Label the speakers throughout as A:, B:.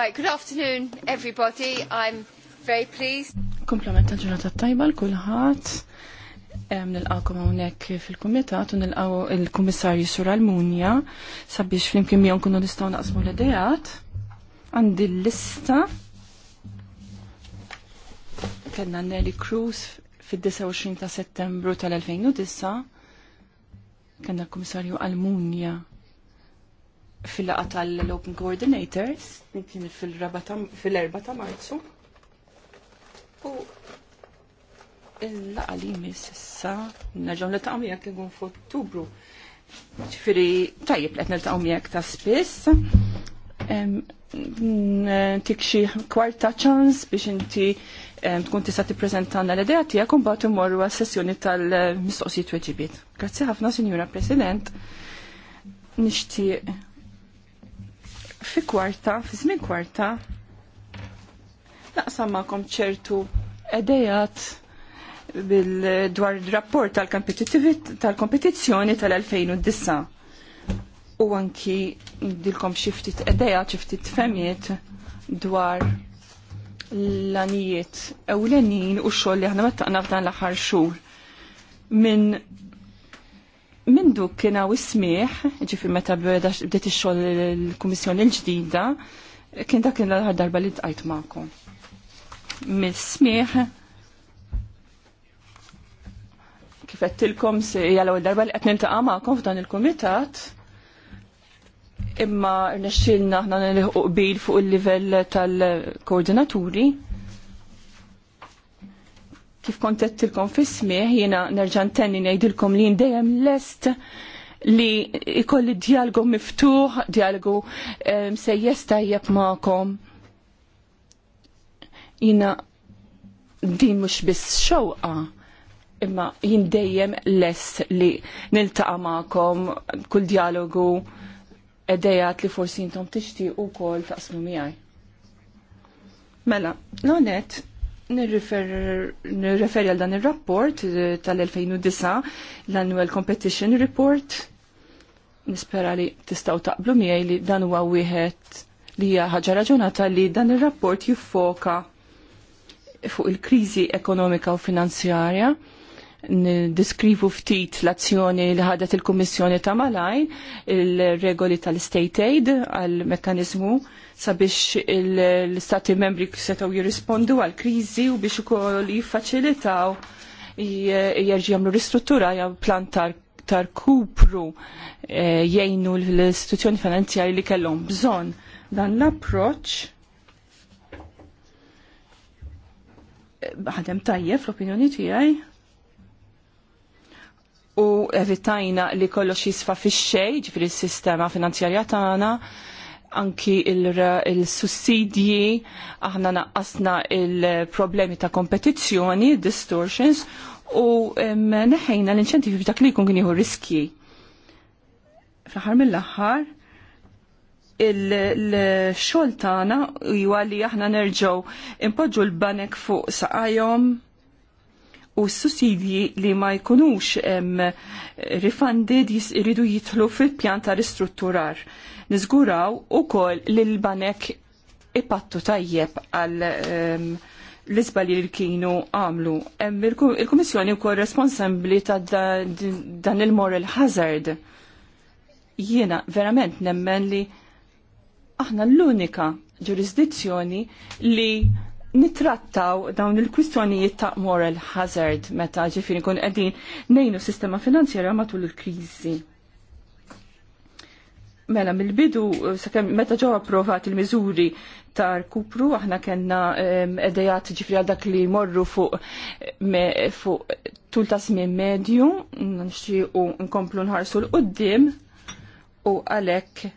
A: Right, good afternoon everybody. I'm very pleased. Komplement ġurnata tajba l Nil-għakum hawnhekk fil-kumitat u nilqgħu il-Kummissarju Sur Almunja sabiex flimkien miegħu kunu nistgħu naqsmu l-idejat. Għandi l-lista. Kellna Nelly Cruz fid-29 ta' Settembru tal-2009. Kellna l-Kummissarju Almunja fil-laqa tal-Open Coordinators, kien fil-4 ta' marzu. U il-laqa li jmiss issa, nerġaw nil-taqam jek għun f'Ottubru. Ġifiri, tajjeb li nil-taqam jek ta' spiss. Tik xi kwarta ċans biex inti tkun tista' tippreżentana l-idea tiegħek u mbagħad immorru għas-sessjoni tal-mistoqsijiet weġibiet. Grazzi ħafna, Sinjura President. Nixtieq fi kwarta, fi żmien kwarta, naqsam ma'kom ċertu edejat bil-dwar rapport tal-kompetizzjoni tal-2009. U anki dilkom xiftit edeja, xiftit femiet dwar l-anijiet ewlenin u xoll li ħna mettaqna f'dan l-aħħar xhur minn mindu kiena wismiħ, ġifi meta bdiet ix-xogħol il-Kummissjoni l-ġdida, kien dak kien l-aħħar darba li tqajt magħkom. Mis-smieħ kif qedtilkom hija l-ewwel darba li qed nintaqa' magħkom f'dan il-kumitat, imma rnexxielna aħna nilħu qbil fuq il-livell tal-koordinaturi kif kontettilkom fismi, jena nerġan tenni nejdilkom li dejjem lest li ikolli dialgu miftuħ, dialogu msejjes ehm, tajjeb maqom. Jina din mux biss xewqa, imma jien dejjem lest li niltaqa maqom kull dialogu edajat li forsi jintom u kol taqsmu miħaj. Mela, l-onet, nirreferi għal dan il-rapport eh, tal-2009, l-Annual Competition Report. Nispera li tistaw taqblu miegħi li dan huwa wieħed li hija ħaġa raġunata li dan ir-rapport jiffoka fuq il-kriżi ekonomika u finanzjarja diskrivu ftit l-azzjoni li ħadet il-Kummissjoni ta' Malajn, il-regoli tal-State Aid għal-mekkanizmu sabiex l-Stati membri setaw jirrispondu għal-krizi u biex ukoll jiffaċilitaw jerġi għamlu ristruttura jew plan tar kupru eh, jgħinu l-istituzzjoni finanzjari li kellhom bżonn dan l-approċ eh, ħadem tajjeb fl-opinjoni tiegħi evitajna li kollox jisfa fix-xejn ġifri s-sistema finanzjarja tagħna anki il-sussidji, aħna naqqasna il-problemi ta' kompetizzjoni, distortions, u neħejna l-inċentivi ta' li jkun kien jieħu riski. Fl-aħħar mill-aħħar, il-xogħol tagħna huwa li aħna nerġgħu impoġu l-banek fuq saqajhom u s-sussidji li ma jkunux rifandi jiridu jitlu fil-pjan ta' ristrutturar. Nizguraw u koll li l-banek ipattu tajjeb għal l-izbali li kienu għamlu. Il-Komissjoni u kol responsabli ta' dan il-moral hazard. Jiena verament nemmen li aħna l-unika ġurisdizzjoni li nitrattaw dawn il-kwistjonijiet ta' moral hazard meta ġifiri kun qegħdin nejnu sistema finanzjera matul il-kriżi. Mela mill-bidu eh, sakemm meta ġew approvat il-miżuri ta' kupru, aħna kellna edejat ġifri dak li morru fuq fuq tul ta' żmien medju, nixtiequ nkomplu nħarsu l-qudiem u għalek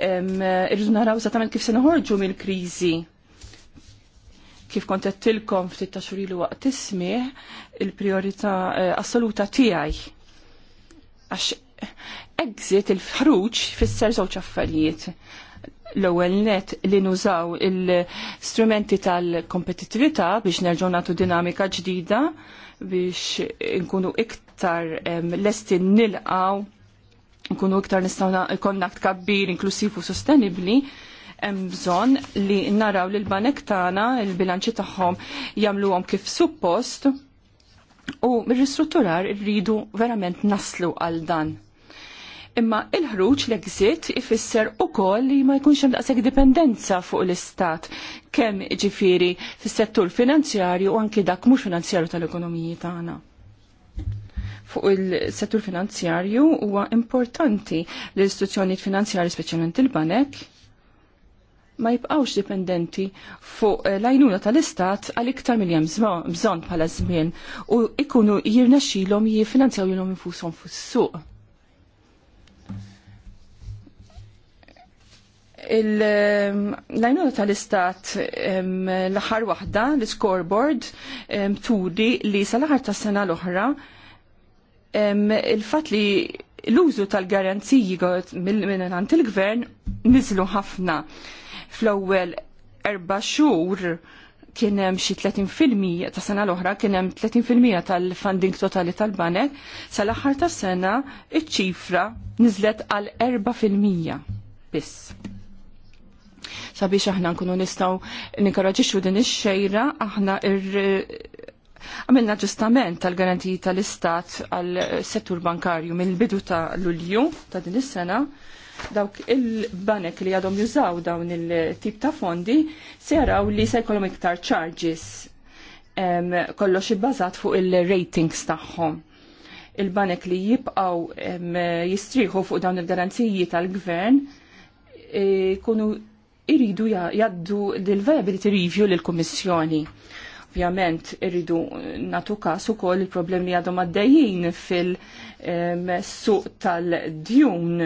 A: irridu naraw kif se noħorġu mill-kriżi kif kontettilkom ftit ta' xurilu waqt ismih il-priorità eh, assoluta tiegħi. Għax exit il-ħruġ fisser żewġ affarijiet. L-ewwel net li nużaw il-strumenti tal-kompetittività biex nerġgħu nagħtu dinamika ġdida biex nkunu iktar lesti nilqaw nkunu iktar nistgħu konnakt kabbir inklusiv u sostenibbli hemm bżonn li naraw li l-banek tagħna il-bilanċi tagħhom jagħmluhom kif suppost u mir-ristrutturar irridu verament naslu għal dan imma il-ħruġ l-exit ifisser u koll li ma jkunx hemm daqshekk dipendenza fuq l-istat kemm ġifiri fis-settur finanzjarju u anki dak mhux finanzjarju tal-ekonomiji tagħna. Fuq il-settur finanzjarju huwa importanti l istituzzjonijiet finanzjarji speċjalment il-banek ma jibqawx dipendenti fuq eh, l-għajnuna tal-istat għal iktar miljem bżon bħala żmien u ikunu jirnexxilhom jiffinanzjaw jilhom infushom fis-suq. l ehm, lajnuna tal-istat ehm, l-aħħar waħda, l-scoreboard, ehm, turi li sal-aħħar tas-sena l-oħra il-fat li l-użu tal-garanziji minn għant il-gvern nizlu ħafna fl-ewwel erba' xhur kien hemm xi 30% ta' sena l-oħra kien hemm 30% tal-funding totali tal-banek, sal-aħħar tas-sena iċ-ċifra niżlet għal 4% biss. Sabiex aħna nkunu nistgħu ninkoraġixxu din ix-xejra aħna għamilna ġustament tal-garantiji tal-istat għal settur bankarju mill-bidu ta' Lulju ta' din is-sena dawk il-banek li għadhom jużaw dawn il-tip ta' fondi se jaraw li se jkollhom iktar charges um, kollox ibbażat fuq il-ratings tagħhom. Il-banek li jibqaw um, jistriħu fuq dawn il-garanziji tal-gvern jkunu e, iridu jaddu l-viability review lill-Kummissjoni ovvjament irridu natu kas ukoll il-problemi li għadhom għaddejjin fil-suq tal-djun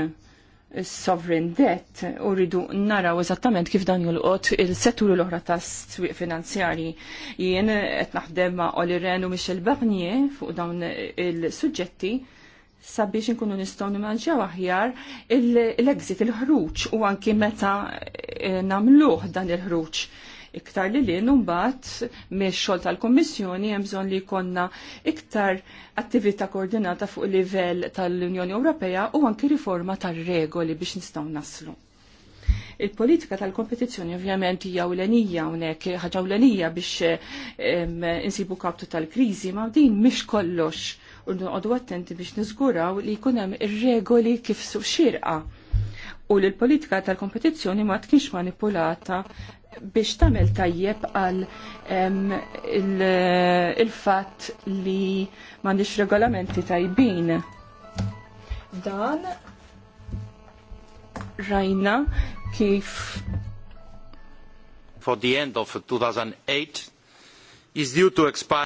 A: sovereign debt u rridu naraw eżattament kif dan jolqot il-settur l-oħra tas swieq finanzjari. Jien qed naħdem ma' Ren u Michel Barnier fuq dawn il-suġġetti sabiex inkunu nistgħu nimmaġġaw aħjar l-exit il-ħruġ u anki meta eh, nagħmluh dan il-ħruġ iktar li li numbat me xogħol tal-Kummissjoni hemm bżonn li jkollna iktar attività koordinata fuq livell tal-Unjoni Ewropea u anki riforma tar-regoli biex nistgħu naslu. Il-politika tal-kompetizzjoni ovvjament hija ulenija hawnhekk ħaġa ulenija biex insibu kaptu tal-kriżi ma din mhix kollox u nqogħdu attenti biex niżguraw li jkun hemm ir-regoli kif xirqa u li l-politika tal-kompetizzjoni ma tkienx manipulata biex tamel tajjeb għal il-fat li mandiċ regolamenti tajbin. Dan rajna kif
B: for the end of 2008
A: is due to expire.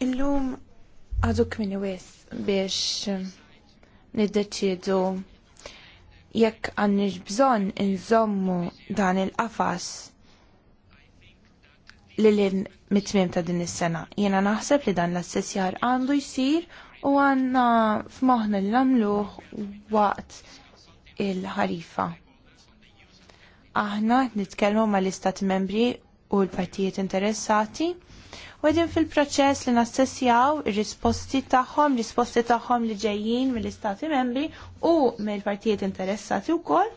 C: Illum għadu kmini wis biex niddeċidu jekk għandniex bżonn inżommu dan il-qafas li l mit ta' din is-sena. Jiena naħseb li dan l-assessjar għandu jsir u għandna f'moħħna li nagħmluh waqt il-ħarifa. Aħna nitkellmu mal-istat membri u l-partijiet interessati U għedin fil-proċess li nassessjaw risposti taħħom, risposti taħħom li ġejjin mill-istati membri u mill-partijiet interessati u koll.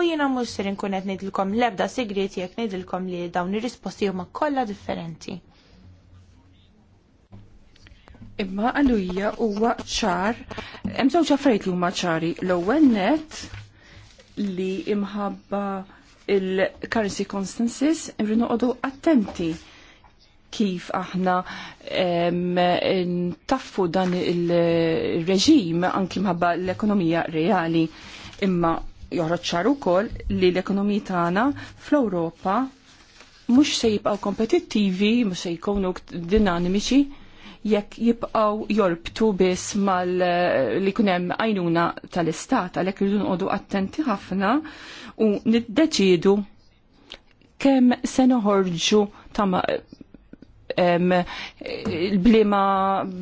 C: U jina mux ser inkunet nidilkom lebda segreti jek nidilkom li dawn ir-risposti huma kollha differenti.
A: Imma għalujja huwa ċar, hemm żewġ li huma ċari. L-ewwel net li imħabba il-currency constances irridu noqogħdu attenti kif aħna taffu dan il-reġim anki mħabba l-ekonomija reali imma joħroċ ukoll li l-ekonomija tagħna fl-Ewropa mhux se jibqgħu kompetittivi, mhux se jkunu dinamiċi jekk jibqgħu jolbtu biss mal li jkun hemm għajnuna tal-istat għalhekk irridu nqogħdu attenti ħafna u niddeċiedu kemm se noħorġu ta'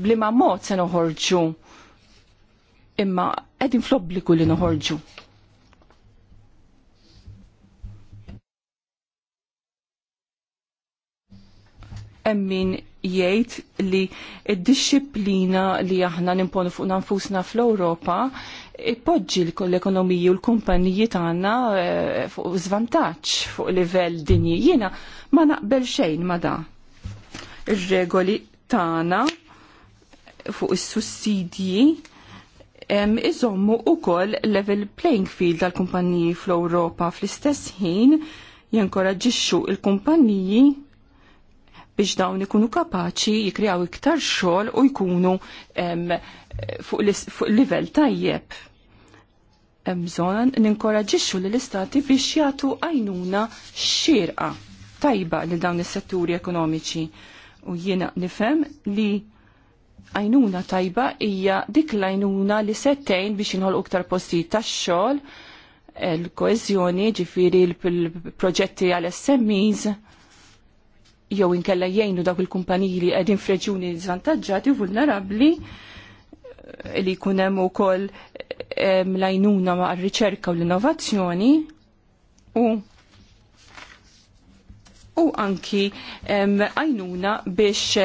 A: blima mod se noħorġu. Imma qegħdin fl-obbligu li noħorġu. Emmin jgħid li id-disciplina li aħna nimponu fuq nanfusna fl-Ewropa ippoġġi l-ekonomiji u l-kumpaniji tagħna eh, fuq żvantaġġ fuq livell dinji. Jiena ma naqbel xejn ma da ir-regoli tagħna fuq is-sussidji iżommu wkoll level playing field tal-kumpaniji fl-Ewropa fl-istess ħin jankoraġiċu il-kumpaniji biex dawn ikunu kapaċi jikrijaw iktar xogħol u jkunu fuq livell tajjeb. Hemm bżonn ninkoraġixxu lill istati biex jagħtu għajnuna x-xirqa tajba lil dawn is-setturi ekonomiċi U jiena nifhem li għajnuna tajba hija dik l-għajnuna li settejn biex inħolqu iktar postijiet tax-xogħol, l koezjoni ġifieri l-proġetti għal SMEs, jew inkella jgħinu dawk il-kumpaniji li qegħdin f'reġuni żvantaġġati u vulnerabbli li jkun hemm ukoll l-għajnuna ma' riċerka u l-innovazzjoni u u anki għajnuna biex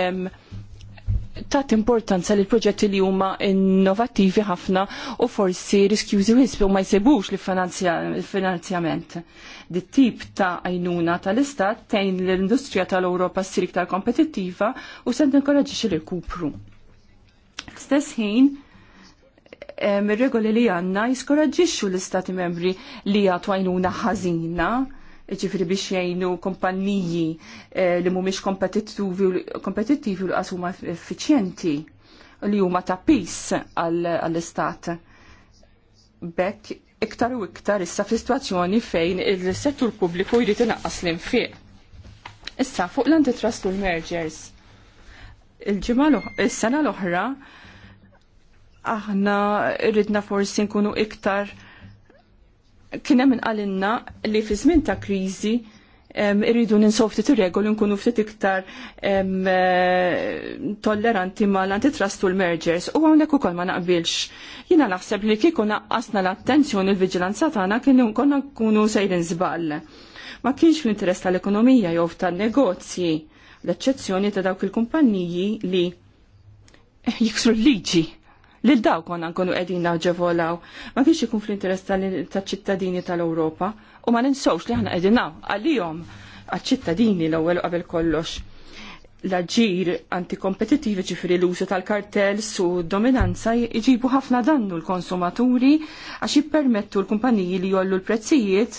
A: tat importanza li proġetti li huma innovattivi ħafna u forsi riskjużi wisbi u ma jsebux li finanzjament. Dit tip ta' għajnuna tal-istat tejn l-industrija tal europa ssir iktar kompetittiva u se tinkoraġġi li kupru. Stess ħin, regoli li għanna jiskoraġġixxu l-istati membri li jagħtu għajnuna ħażina ġifri biex jgħinu kompanniji eh, li mhumiex kompetittivi u laqas huma effiċjenti li huma ta' pis għall-istat. Bekk iktar u iktar issa f'sitwazzjoni fejn il-settur pubbliku jrid inaqqas l-infiq. Issa fuq l-antitrust u l-mergers. Il-ġimgħa is-sena l-oħra aħna rridna forsi nkunu iktar kien hemm għalinna li fi żmien ta' kriżi irridu ninsofti t regoli nkunu ftit iktar eh, tolleranti mal-antitrust u l-mergers u hawnhekk ukoll ma naqbilx. Jiena naħseb li kieku naqqasna l-attenzjoni l-viġilanza tagħna kienu konna nkunu sejrin żball. Ma kienx fl-interess tal-ekonomija jew tan-negozji l-eċċezzjoni ta' dawk il-kumpanniji li jiksru l-liġi Lil daw konna nkunu qegħdin naġevolaw. Ma kienx ikun fl-interess tal-ċittadini tal-Ewropa u ma ninsawx li aħna qegħdin jom għal ċittadini l-ewwel qabel kollox l-ġir antikompetitivi ġifri l-użu tal-kartels su dominanza jġibu ħafna dannu l-konsumaturi għax jippermettu l-kumpaniji li jollu l-prezzijiet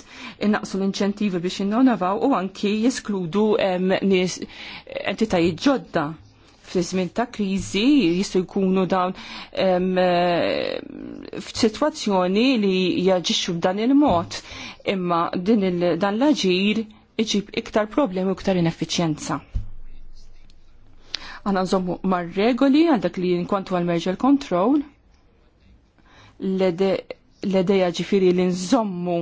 A: innaqsu l-inċentivi biex innonavaw u anki jeskludu entitajiet ġodda fl-żmien ta' kriżi jistgħu jkunu dawn eh, f'sitwazzjoni li jaġixxu b'dan il-mod imma din il dan l-aġir iġib iktar problemi u iktar ineffiċjenza. Għana nżommu mar-regoli għal dak li nkontu għal merger control l l-edeja ġifiri li nżommu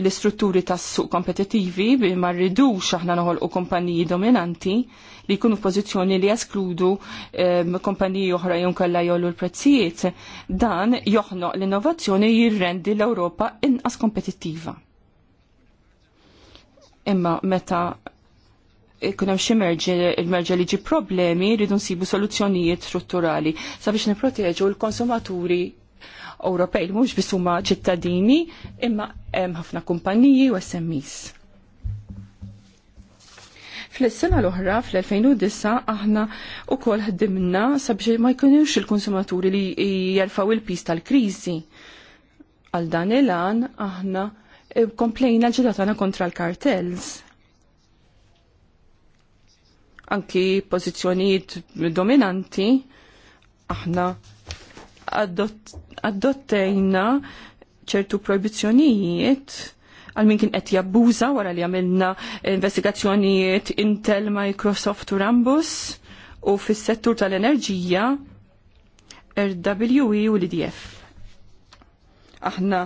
A: l-istrutturi tas suq kompetitivi bi ma rridux aħna noħol u kompaniji dominanti li jkunu f'pożizzjoni li jaskludu ehm, kompaniji oħra junkalla jollu l-prezzijiet, dan joħnoq l-innovazzjoni jirrendi l-Ewropa inqas kompetittiva. Imma meta kun hemm xi merġa li ġi problemi ridun nsibu soluzzjonijiet strutturali sabiex nipproteġu l-konsumaturi Ewropej mhux biss huma ċittadini imma hemm ħafna kumpaniji u SMEs. Fl-sena l-oħra, fl-2009, aħna u kol ħdimna sabiex ma jkunux il-konsumaturi li jarfaw il-pis tal-krizi. Għal dan il-għan, aħna komplejna l-ġedatana kontra l-kartels. Anki pozizjoniet dominanti, aħna adottejna ċertu proibizjonijiet għal min kien qed jabbuża wara li għamilna investigazzjonijiet Intel, Microsoft u Rambus u fis-settur tal-enerġija RWE u l-IDF. Aħna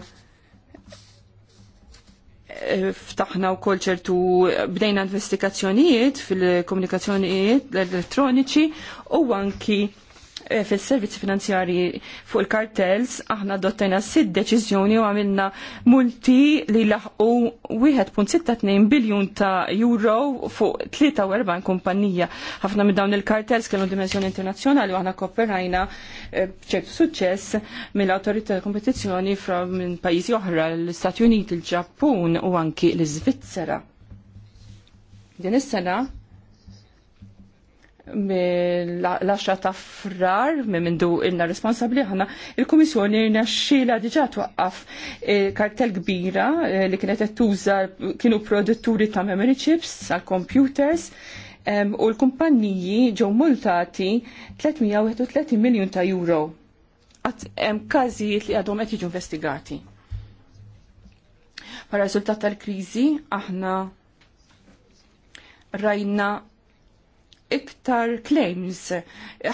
A: eh, ftaħna u kol ċertu bdejna investigazzjonijiet fil-komunikazzjonijiet l-elettroniċi u anki Eh, fil-servizzi finanzjari fuq il-kartels, aħna dottajna sitt deċiżjoni u għamilna multi li laħqu 1.62 biljun ta' euro fuq 43 kumpanija. ħafna minn dawn il-kartels kellu dimensjoni internazzjonali u aħna kopperajna eh, ċertu suċċess mill-autorità kompetizzjoni fra minn pajjiżi oħra l-Stati Uniti, il-Ġappun u anki l-Iżvizzera. Din is-sena l 10 ta' frar minn mindu ilna responsabli ħana il-Komissjoni xila diġa twaqqaf kartel kbira eh, li kienet tuża kienu produtturi ta' memory chips għal computers u l-kumpanniji ġew multati 331 miljun ta' euro. Għat kazi każijiet li għadhom qed jiġu investigati. Para riżultat tal-kriżi aħna rajna iktar claims,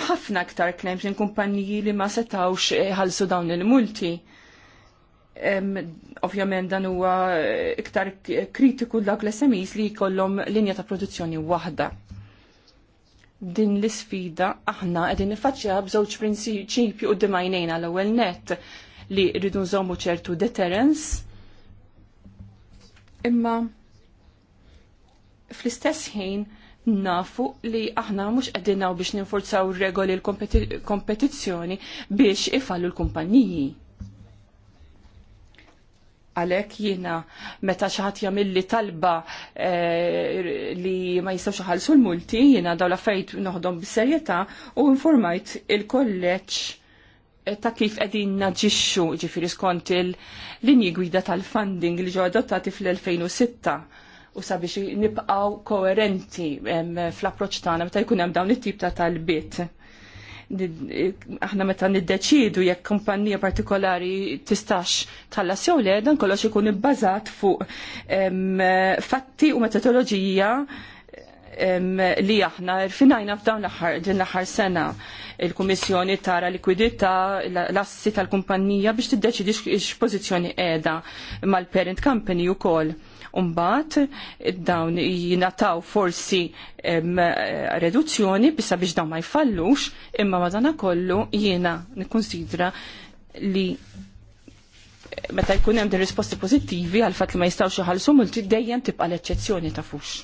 A: ħafna iktar claims minn kumpaniji li ma setawx ħalsu dawn il-multi. Ovvjament dan huwa iktar kritiku dak l-SMEs li jkollhom linja ta' produzzjoni waħda. Din l-isfida aħna qegħdin nifaċċjaha b'żewġ prinċipju quddiem għajnejna l-ewwel net li rridu nżommu ċertu deterrence imma fl-istess ħin nafu li aħna mhux qegħdin biex ninforzaw regoli l-kompetizzjoni biex ifallu l-kumpanniji. Għalek jiena meta xi ħadd jagħmilli talba e, li ma jistgħux ħalsu l-multi, jiena dawn l-affarijiet noħdom serjetà u informajt il-kolleġġ eh, ta' kif qegħdin naġixxu ġifieri skont il-linji gwida tal-funding li ġew adottati fl-2006 u sabiex nibqaw koerenti fl-approċ tagħna meta jkun hemm dawn it-tip ta' talbiet. Aħna meta niddeċidu jekk kumpanija partikolari tistax tħallas jew le dan kollox ikun ibbażat fuq fatti u metodoloġija li aħna rfinajna f'dawn l-aħħar sena il-Kummissjoni tara likwidità l-assi tal-kumpanija biex tiddeċidi x'pożizzjoni qiegħda mal-parent company wkoll Umbat, dawn jinataw forsi reduzzjoni bissa biex dawn ma jfallux, imma madana kollu jiena nikkonsidra li meta jkun hemm din risposti pożittivi għal fatt li ma jistgħux iħallsu multi dejjem tibqa' l-eċċezzjoni ta' fux.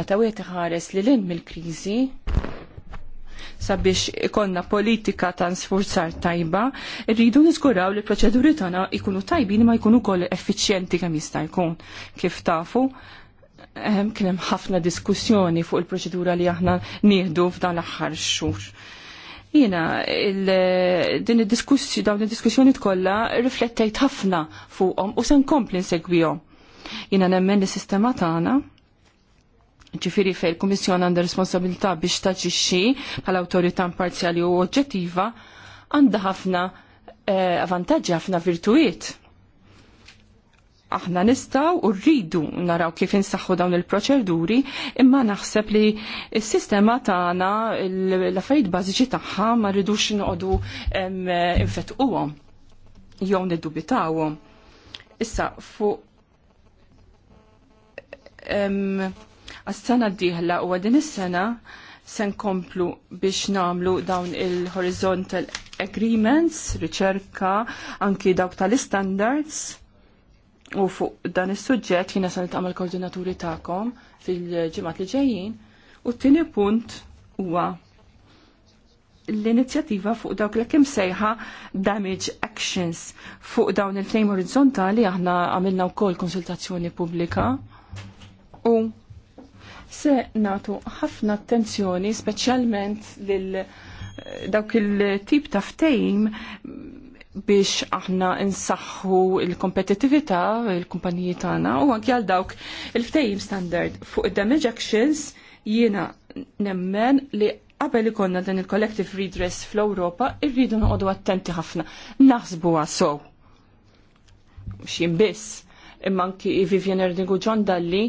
A: Meta wieħed iħares li lin mill-kriżi sabiex ikonna politika ta' sforzar tajba, rridu niżguraw li proċeduri tagħna jkunu tajbin ma jkunu wkoll effiċjenti kemm jista' jkun. Kif tafu, ehm, kien hemm ħafna diskussjoni fuq il-proċedura li aħna nieħdu f'dan l-aħħar xhur. Jiena din id-diskussi dawn id-diskussjoni kollha riflettejt ħafna fuqhom u se nkompli nsegwihom. Jiena nemmen li sistema tagħna ċifiri fej il-Komissjon għandha responsabilità biex taċiċi bħal autorità imparzjali u oġġettiva għandha ħafna eh, ħafna virtuiet. Aħna nistaw u rridu naraw kif insaħħu dawn il-proċeduri, imma naħseb li s-sistema tagħna l-affarijiet bażiċi tagħha ma rridux noqogħdu infetquhom jew niddubitawhom. Issa fuq għas-sena d-dieħla u għadin is-sena se nkomplu biex namlu dawn il-horizontal agreements, riċerka, anki dawk tal-standards. U fuq dan is-suġġett jiena se nitqamal koordinaturi tagħkom fil-ġimgħat li ġejjin. U t-tieni punt huwa l-inizjattiva fuq dawk li kim sejħa damage actions fuq dawn il-flame orizzontali aħna għamilna wkoll konsultazzjoni pubblika u se natu ħafna attenzjoni speċjalment lil eh, dawk il-tip ta' ftejm biex aħna insaħħu il-kompetitività il-kumpaniji tagħna u anke għal dawk il-ftejm standard fuq id-damage actions jiena nemmen li qabel ikonna dan il-collective redress fl-Ewropa irridu noqogħdu attenti ħafna. Naħsbu għasow. Xi biss imma anki Vivian Erdingu John Dalli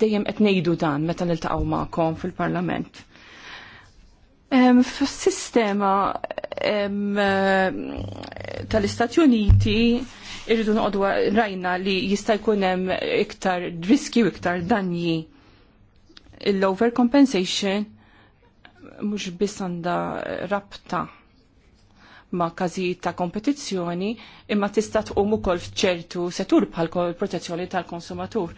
A: dejjem qed ngħidu dan meta niltaqgħu magħkom fil-Parlament. Fis-sistema tal-Istati Uniti irridu noqogħdu rajna li jista' jkun hemm iktar riski u iktar danji l-overcompensation mhux biss għandha rabta ma' każijiet ta' kompetizzjoni imma tista' tqum ukoll f'ċertu setur bħal protezzjoni tal-konsumatur.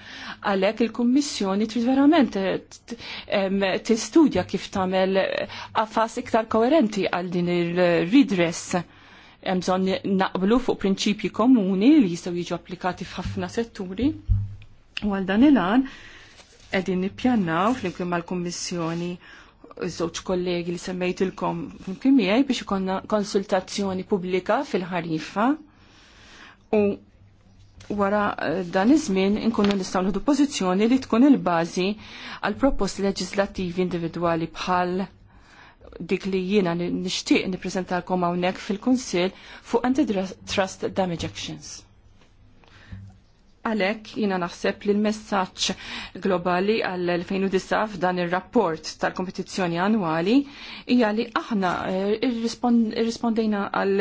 A: Għalhekk il-Kummissjoni trid verament tistudja kif tagħmel qafas iktar koerenti għal din il-redress hemm bżonn naqblu fuq prinċipji komuni li jistgħu jiġu applikati f'ħafna setturi u għal dan il-għan qegħdin nippjannaw flimkien mal-Kummissjoni iż-żewġ kollegi li semmejtilkom miegħi biex ikonna konsultazzjoni pubblika fil-ħarifa u wara eh, dan iż-żmien inkunu nistgħu nieħdu pożizzjoni li tkun il-bażi għal proposti leġislattivi individwali bħal dik li jiena nixtieq nippreżentalkom hawnhekk fil-Kunsill fuq antitrust damage actions. Għalek jina naħseb li l-messaċ globali għal-2009 f'dan il-rapport tal-kompetizzjoni annwali hija li aħna eh, irrispondejna għal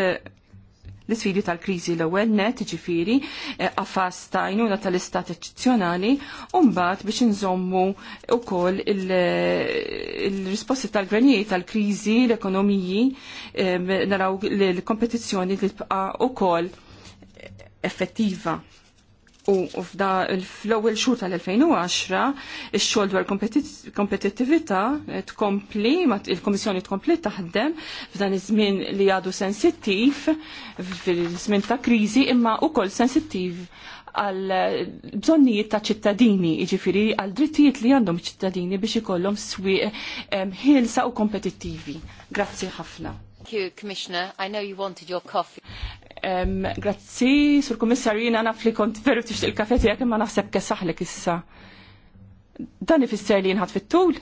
A: l-sfidi tal-krizi l-ewwel net ġifiri eh, għafas tajnuna tal-istat eccezzjonali u mbagħad biex inżommu wkoll il-risposti tal-gvernijiet tal-krizi l-ekonomiji eh, naraw l-kompetizzjoni li tbqa' wkoll effettiva U f'da fl-ewwel xhur tal-2010 il xogħol dwar kompetittività eh, tkompli il-Komissjoni tkompli taħdem f'dan iż-żmien li għadu sensittiv fil-żmien ta' kriżi imma wkoll sensittiv għal eh, bżonnijiet ta' ċittadini, jiġifieri għal drittijiet li għandhom ċittadini biex ikollhom swieq eh, ħilsa u kompetittivi. Grazzi ħafna. Thank you, Commissioner. I know you wanted your coffee. Grazzi, sur kummissarju jina naf li kont veru tix il kafeti tijak ma naħseb kesaħlek issa. Dan ifisser li jinħat fit-tul?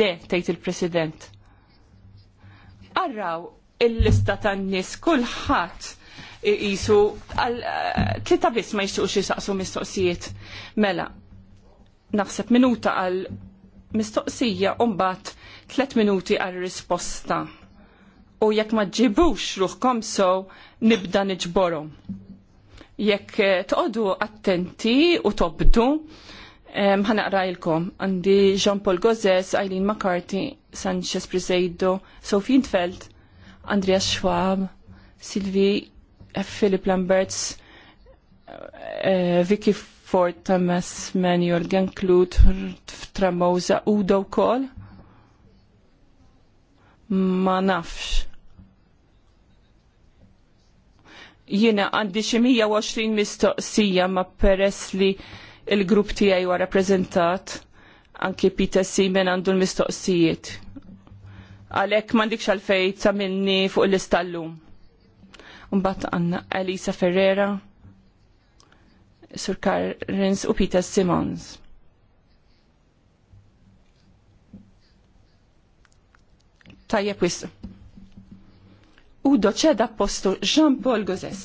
A: Le, tgħid il-President. Arraw, il-lista tan-nies kulħadd jisu għal eh, tlita biss ma jixtuqx jisaqsu mistoqsijiet. Mela, naħseb minuta għal mistoqsija u mbagħad tliet minuti għal risposta u jekk ma ġibux ruħkom sow nibda nġborom. Jekk eh, tqodu attenti u tobdu, ħanaqrajlkom għandi Jean-Paul Gozes, Eileen McCarthy, Sanchez Priseido, Sophie Intfeld, Andrea Schwab, Silvi, Philip Lamberts, eh, eh, Vicky Ford, Thomas Manuel Genklut, Tramosa, Udo Kol. Ma nafx Jiena għandi xi 120 mistoqsija ma peress li l grupp tiegħi huwa rappreżentat anke Peter Simen għandu l-mistoqsijiet. Għalhekk m'għandikx għalfejn ta' minni fuq l-istallum. Mbagħad għandna Elisa Ferrera, Sur Karins u Peter Simons. Tajja wisq u doċeda postu Jean-Paul Gozes.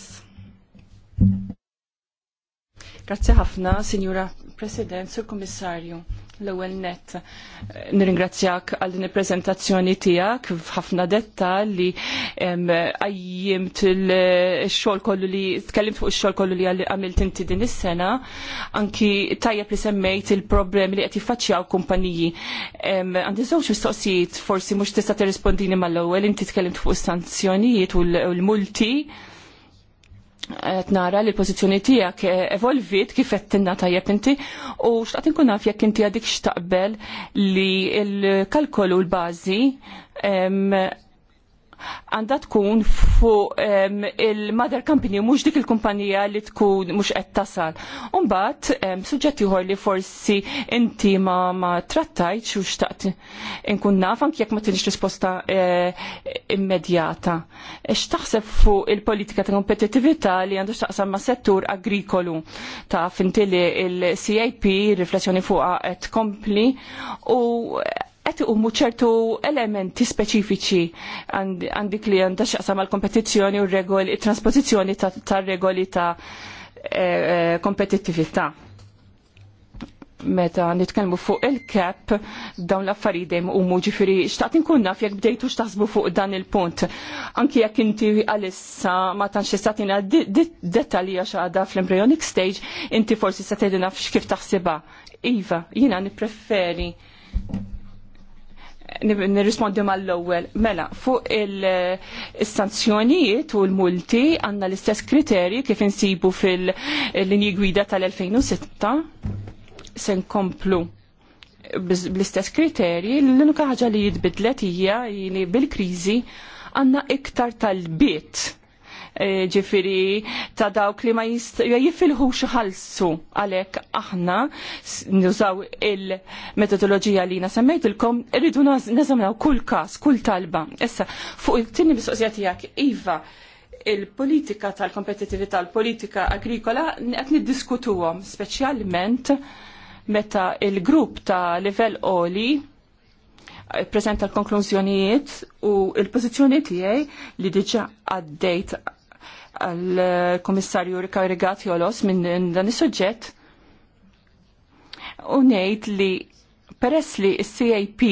A: Grazie ħafna, Signora President, Sur Kommissarju. L-ewwel net nirringrazzjak għal din il-preżentazzjoni tiegħek f'ħafna li għajjimt il-xogħol kollu li tkellimt fuq ix-xogħol kollu li għamilt inti din is-sena, anki tajjeb li semmejt il-problemi li qed jiffaċċjaw kumpaniji. Għandi żewġ mistoqsijiet forsi mhux tista' tirrispondini mal-ewwel inti tkellimt fuq is-sanzjonijiet u l-multi qed nara li l-pożizzjoni tiegħek e, evolvit kif qed tinna tajjeb inti u x'qed inkun naf jekk inti għadik x'taqbel li l-kalkolu l-bażi għandha tkun fuq il-mother company mhux dik il-kumpanija li tkun mhux qed tasal. Umbagħad suġġett ieħor li forsi inti ma ma trattajtx u taqt inkun naf anke jekk ma tinx risposta e, immedjata. X'taħseb fuq il-politika ta' kompetitivita li għandu x'taqsam ma' settur agrikolu ta' finti li il-CIP riflessjoni fuqha qed kompli u qed iqumu ċertu elementi speċifiċi għandi li għandha x'aqsam mal kompetizzjoni u regoli, trasposizzjoni tar-regoli ta' eh, eh, kompetittività. Meta nitkellmu fuq il-kep dawn l-affarijiet dejjem huma ġifieri xtaqt inkun naf jekk bdejtu x'taħsbu fuq dan il-punt. Anki jekk inti għalissa ma tantx tista' tina dettalija x'għadha fl-embryonic stage, inti forsi se naf x'kif taħsibha. Iva, jiena nippreferi nirrispondi mal-ewwel. Mela, fuq il-sanzjonijiet eh, u l-multi għandna l-istess kriterji kif insibu fil-linji gwida tal-2006 se nkomplu bl-istess kriterji l-unika ħaġa li jitbidlet hija bil-kriżi għandna iktar tal-bit Eh, ġifiri ta' dawk li ma jifilħu xħalsu għalek aħna nużaw il-metodologija li nasemmejt il-kom irridu nażamnaw kull kas, kull talba. Issa, fuq il-tini bisoqsija tijak, Iva, il-politika tal-kompetitività, l-politika agrikola, għet niddiskutuhom speċjalment meta il-grupp ta' livell oli prezenta l-konklużjonijiet u l-pozizjoni tiegħi li diġa' għaddejt għal-Komissarju Rikarigat Jolos minn dan is-suġġett u ngħid li peress li s-CAP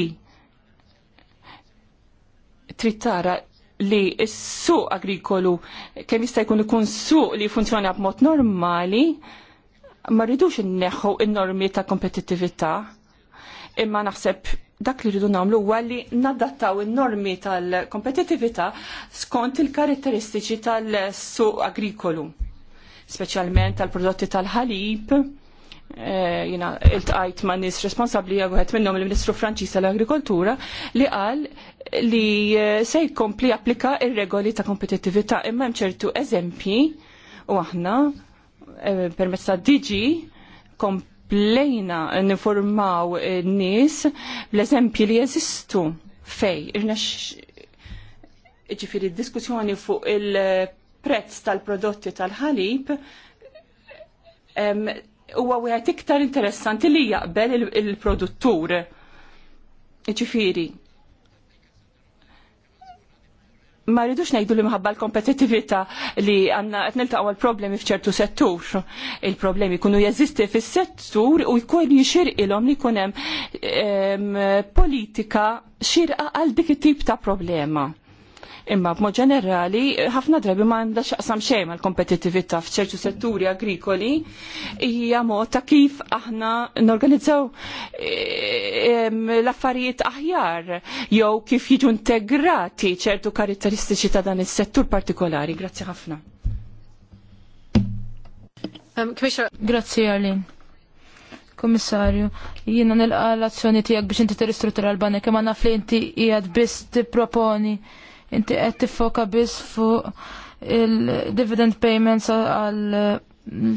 A: trid tara li s-suq agrikolu kemm jista' jkun ikun suq li funzjona b'mod normali, ma rridux inneħħu il normi ta' kompetitivita Imma naħseb dak li rridu nagħmlu huwa li nadattaw in-normi tal-kompetittività skont il-karatteristiċi tal-suq agrikolu, speċjalment tal-prodotti tal-ħalib, eh, jiena il-tqajt ma' nis responsabli għagħet minnom il-Ministru Franċis tal-Agrikoltura li qal li eh, se jkompli applika r regoli ta' kompetittività imma hemm ċertu eżempji u aħna eh, permezz ta' DG komp blejna niformaw n-nis bl-eżempji li jeżistu fej. Irnax ġifiri diskussjoni fuq il-prezz tal-prodotti tal-ħalib huwa wieħed iktar interessanti li jaqbel il-produttur. Ġifiri, ma rridux ngħidu li minħabba l-kompetittività li għandna qed niltaqgħu problemi f'ċertu settur. Il-problemi jkunu jeżisti fis-settur u jkun jixirqilhom li jkun hemm politika xirqa għal dik it-tip ta' problema. Imma b'mod ġenerali, ħafna drabi ma għandha xaqsam xejn mal-kompetittività f'ċertu setturi agrikoli hija mod ta' kif aħna norganizzaw eh, l-affarijiet aħjar jew kif jiġu integrati ċertu karatteristiċi ta' dan is-settur partikolari. Grazzi ħafna.
B: Um, Grazzi Arlin. Komissarju, jiena nilqa l-azzjoni tiegħek biex inti tirristruttura l-banek, imma naf li inti qiegħed biss tipproponi proponi inti qed tiffoka biss fuq il-dividend payments għal mm,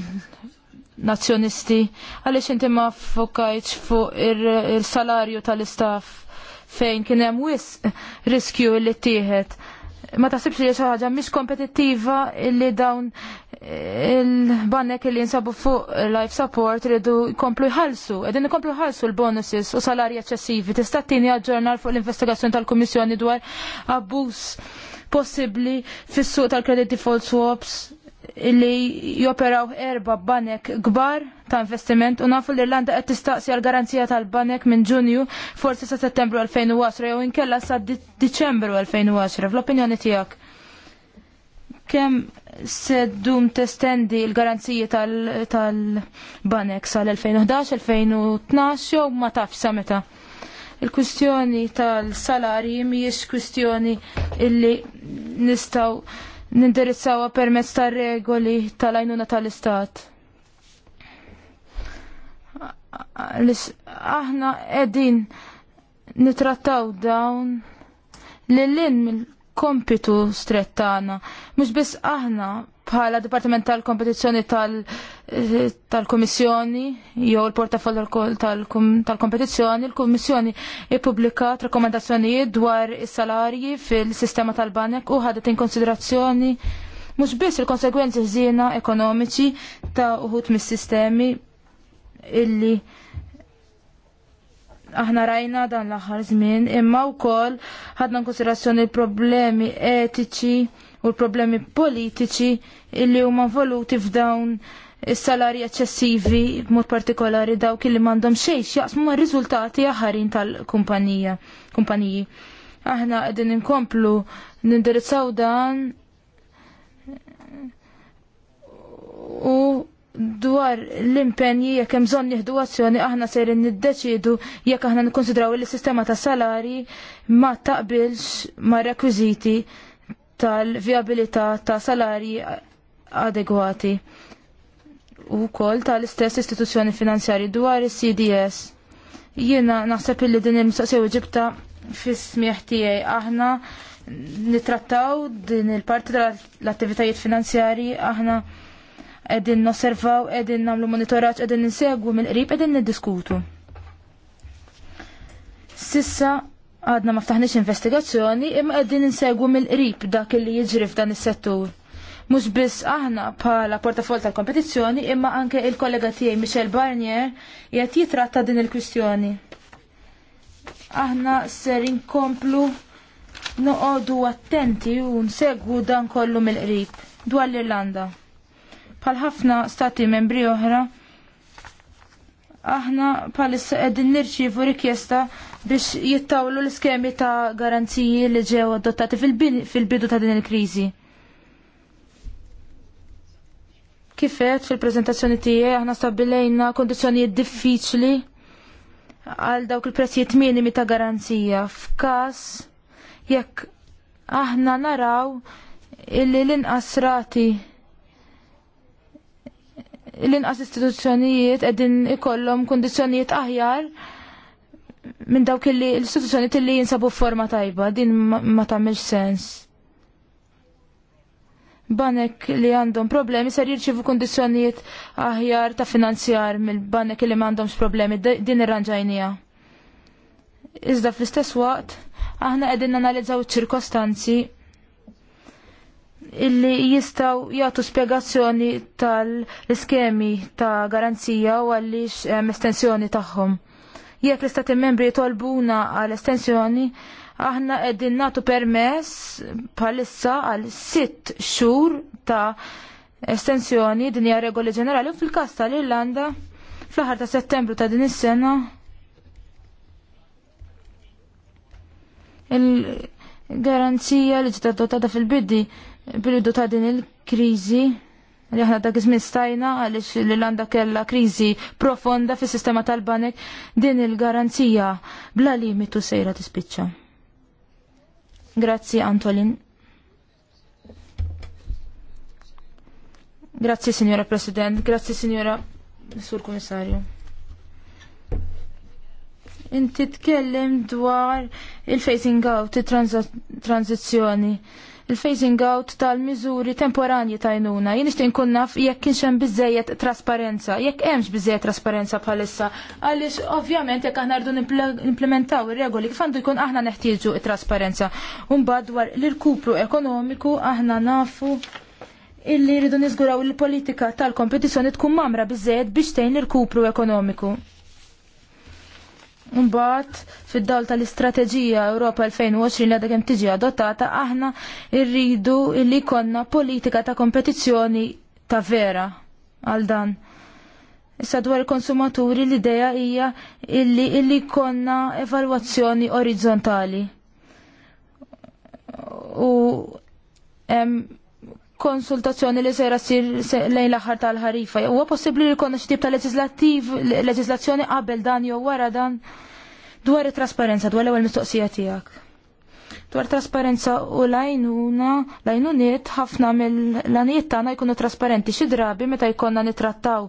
B: nazzjonisti għaliex inti ma ffokajtx fuq il-salarju tal-istaff fejn kien hemm wisq riskju li tieħed ma taħsibx li xi ħaġa mhix kompetittiva li dawn eh, il-bannek li jinsabu fuq life support rridu jkomplu jħallsu, edin ikomplu jħallsu l-bonuses u salari eċċessivi. Tista' tieni aġġornar fuq l-investigazzjoni tal-Kummissjoni dwar abbuż possibbli fis-suq tal-credit default swaps li joperaw erba banek gbar ta' investiment u nafu l-Irlanda qed tistaqsi għal garanzija tal-banek minn Ġunju forsi sa' Settembru 2010 jew inkella sa' Diċembru 2010 fl-opinjoni tiegħek. Kemm seddum testendi l-garanziji tal-banek sal-2011-2012 jew ma taf sa' meta? Il-kwistjoni tal-salari mhijiex kustjoni illi nistgħu nindirizzawa permezz tar regoli tal-għajnuna tal-istat. Aħna edin nitrattaw dawn l-lin mill-kompitu strettana, mux bis aħna bħala Dipartiment tal-Kompetizzjoni eh, tal-Komissjoni jew l-Portafoll tal-Kompetizzjoni, l-Kummissjoni ippubblikat rakkomandazzjonijiet dwar is-salarji fil-sistema tal-banek u ħadet in konsiderazzjoni mhux biss il-konsegwenzi ħżiena ekonomiċi ta' uħut mis-sistemi illi aħna rajna dan l-aħħar żmien, imma wkoll ħadna konsiderazzjoni problemi etiċi u l-problemi politiċi illi huma voluti f'dawn is-salari eċċessivi b'mod partikolari dawk li m'għandhom xejx jaqsmu ma' riżultati aħarin tal-kumpanija. Kumpaniji. Aħna qegħdin inkomplu nindirizzaw dan u dwar l-impenji jekk hemm bżonn nieħdu azzjoni aħna sejrin niddeċiedu jekk aħna nikkonsidraw li s-sistema tas salari ma taqbilx ma' rekwiżiti tal-viabilità ta' salari adegwati u kol tal-istess istituzzjoni finanzjari dwar is-CDS. Jiena naħseb illi din il-mistoqsija ġibta fis-smieħ tiegħi aħna nitrattaw din il-parti tal-attivitajiet finanzjari aħna edin nosservaw, edin namlu monitoraċ, edin nsegwu mill-qrib, edin niddiskutu. Sissa għadna ma ftaħniex investigazzjoni imma qegħdin insegwu mill-qrib dak li jiġri f'dan is-settur. Mhux biss aħna bħala portafol tal-kompetizzjoni imma anke il-kollega tiegħi Michel Barnier qed jitratta din il-kwistjoni. Aħna ser inkomplu noqogħdu attenti u nsegwu dan kollu mill-qrib dwar l-Irlanda. Bħal ħafna stati membri oħra, aħna bħalissa qegħdin nirċievu rikjesta biex jittawlu l-iskemi ta' garanziji li ġew adottati fil-bidu ta' din il-kriżi. Kifet fil-prezentazzjoni tiegħi aħna stabilejna kondizjoni diffiċli għal dawk il-prezzijiet minimi ta' garanzija f'każ jekk aħna naraw illi l-inqas rati l-inqas istituzzjonijiet qegħdin ikollhom kondizzjonijiet aħjar minn dawk li l-istituzzjoni li jinsabu forma tajba, din ma tagħmilx sens. Banek li għandhom problemi ser jirċivu kondizjonijiet aħjar ta' finanzjar mill-banek li m'għandhomx problemi din irranġajnija. Iżda fl-istess waqt, aħna qegħdin analizzaw ċirkostanzi illi jistaw jagħtu spjegazzjoni tal-iskemi ta' garanzija u għaliex estensjoni tagħhom. Jekk l-istati membri jitolbuna għal estensjoni, aħna qegħdin nagħtu permess bħalissa għal sitt xhur ta' estensjoni din hija regoli ġenerali u fil-każ tal-Irlanda fl-aħħar ta' Settembru ta' din is-sena il-garanzija li ġiet adottata fil-biddi bil ta' din il-kriżi Li aħna dak iż-żmien stajna għaliex l-Irlanda kellha kriżi profonda fis-sistema tal-banek din il-garanzija bla limitu sejra tispiċċa. Grazzi Antolin. Grazzi Signora President, grazzi Signora Sur Komissarju. Inti tkellem dwar il-phasing out, il-tranzizjoni il-phasing out tal-miżuri temporanji tajnuna. Jien ixtin nkun naf jekk kienx hemm biżejjed trasparenza, jekk hemmx biżejjed trasparenza bħalissa. Għaliex ovvjament jekk aħna rridu implementaw ir-regoli kif għandu jkun aħna neħtieġu trasparenza. Mbagħad dwar l-irkupru ekonomiku aħna nafu illi rridu niżguraw il-politika tal-kompetizzjoni tkun mamra biżejjed biex tgħin l-irkupru ekonomiku. Mbagħad fid-dawl tal-Istrateġija Ewropa 2020 li għadha tiġi adottata aħna rridu li konna politika ta' kompetizzjoni ta' vera għal dan. Issa dwar il-konsumaturi l-idea hija illi illi konna evalwazzjoni orizzontali. U konsultazzjoni li sejra sir lejn l-aħħar tal-ħarifa. Huwa possibbli li jkollna xtib ta' leġislattiv leġislazzjoni qabel dan jew wara dan dwar it-trasparenza dwar l-ewwel mistoqsija tiegħek. Dwar trasparenza u lajnuna, lajnuniet ħafna mill-lanijiet tagħna jkunu trasparenti xi drabi meta jkollna nitrattaw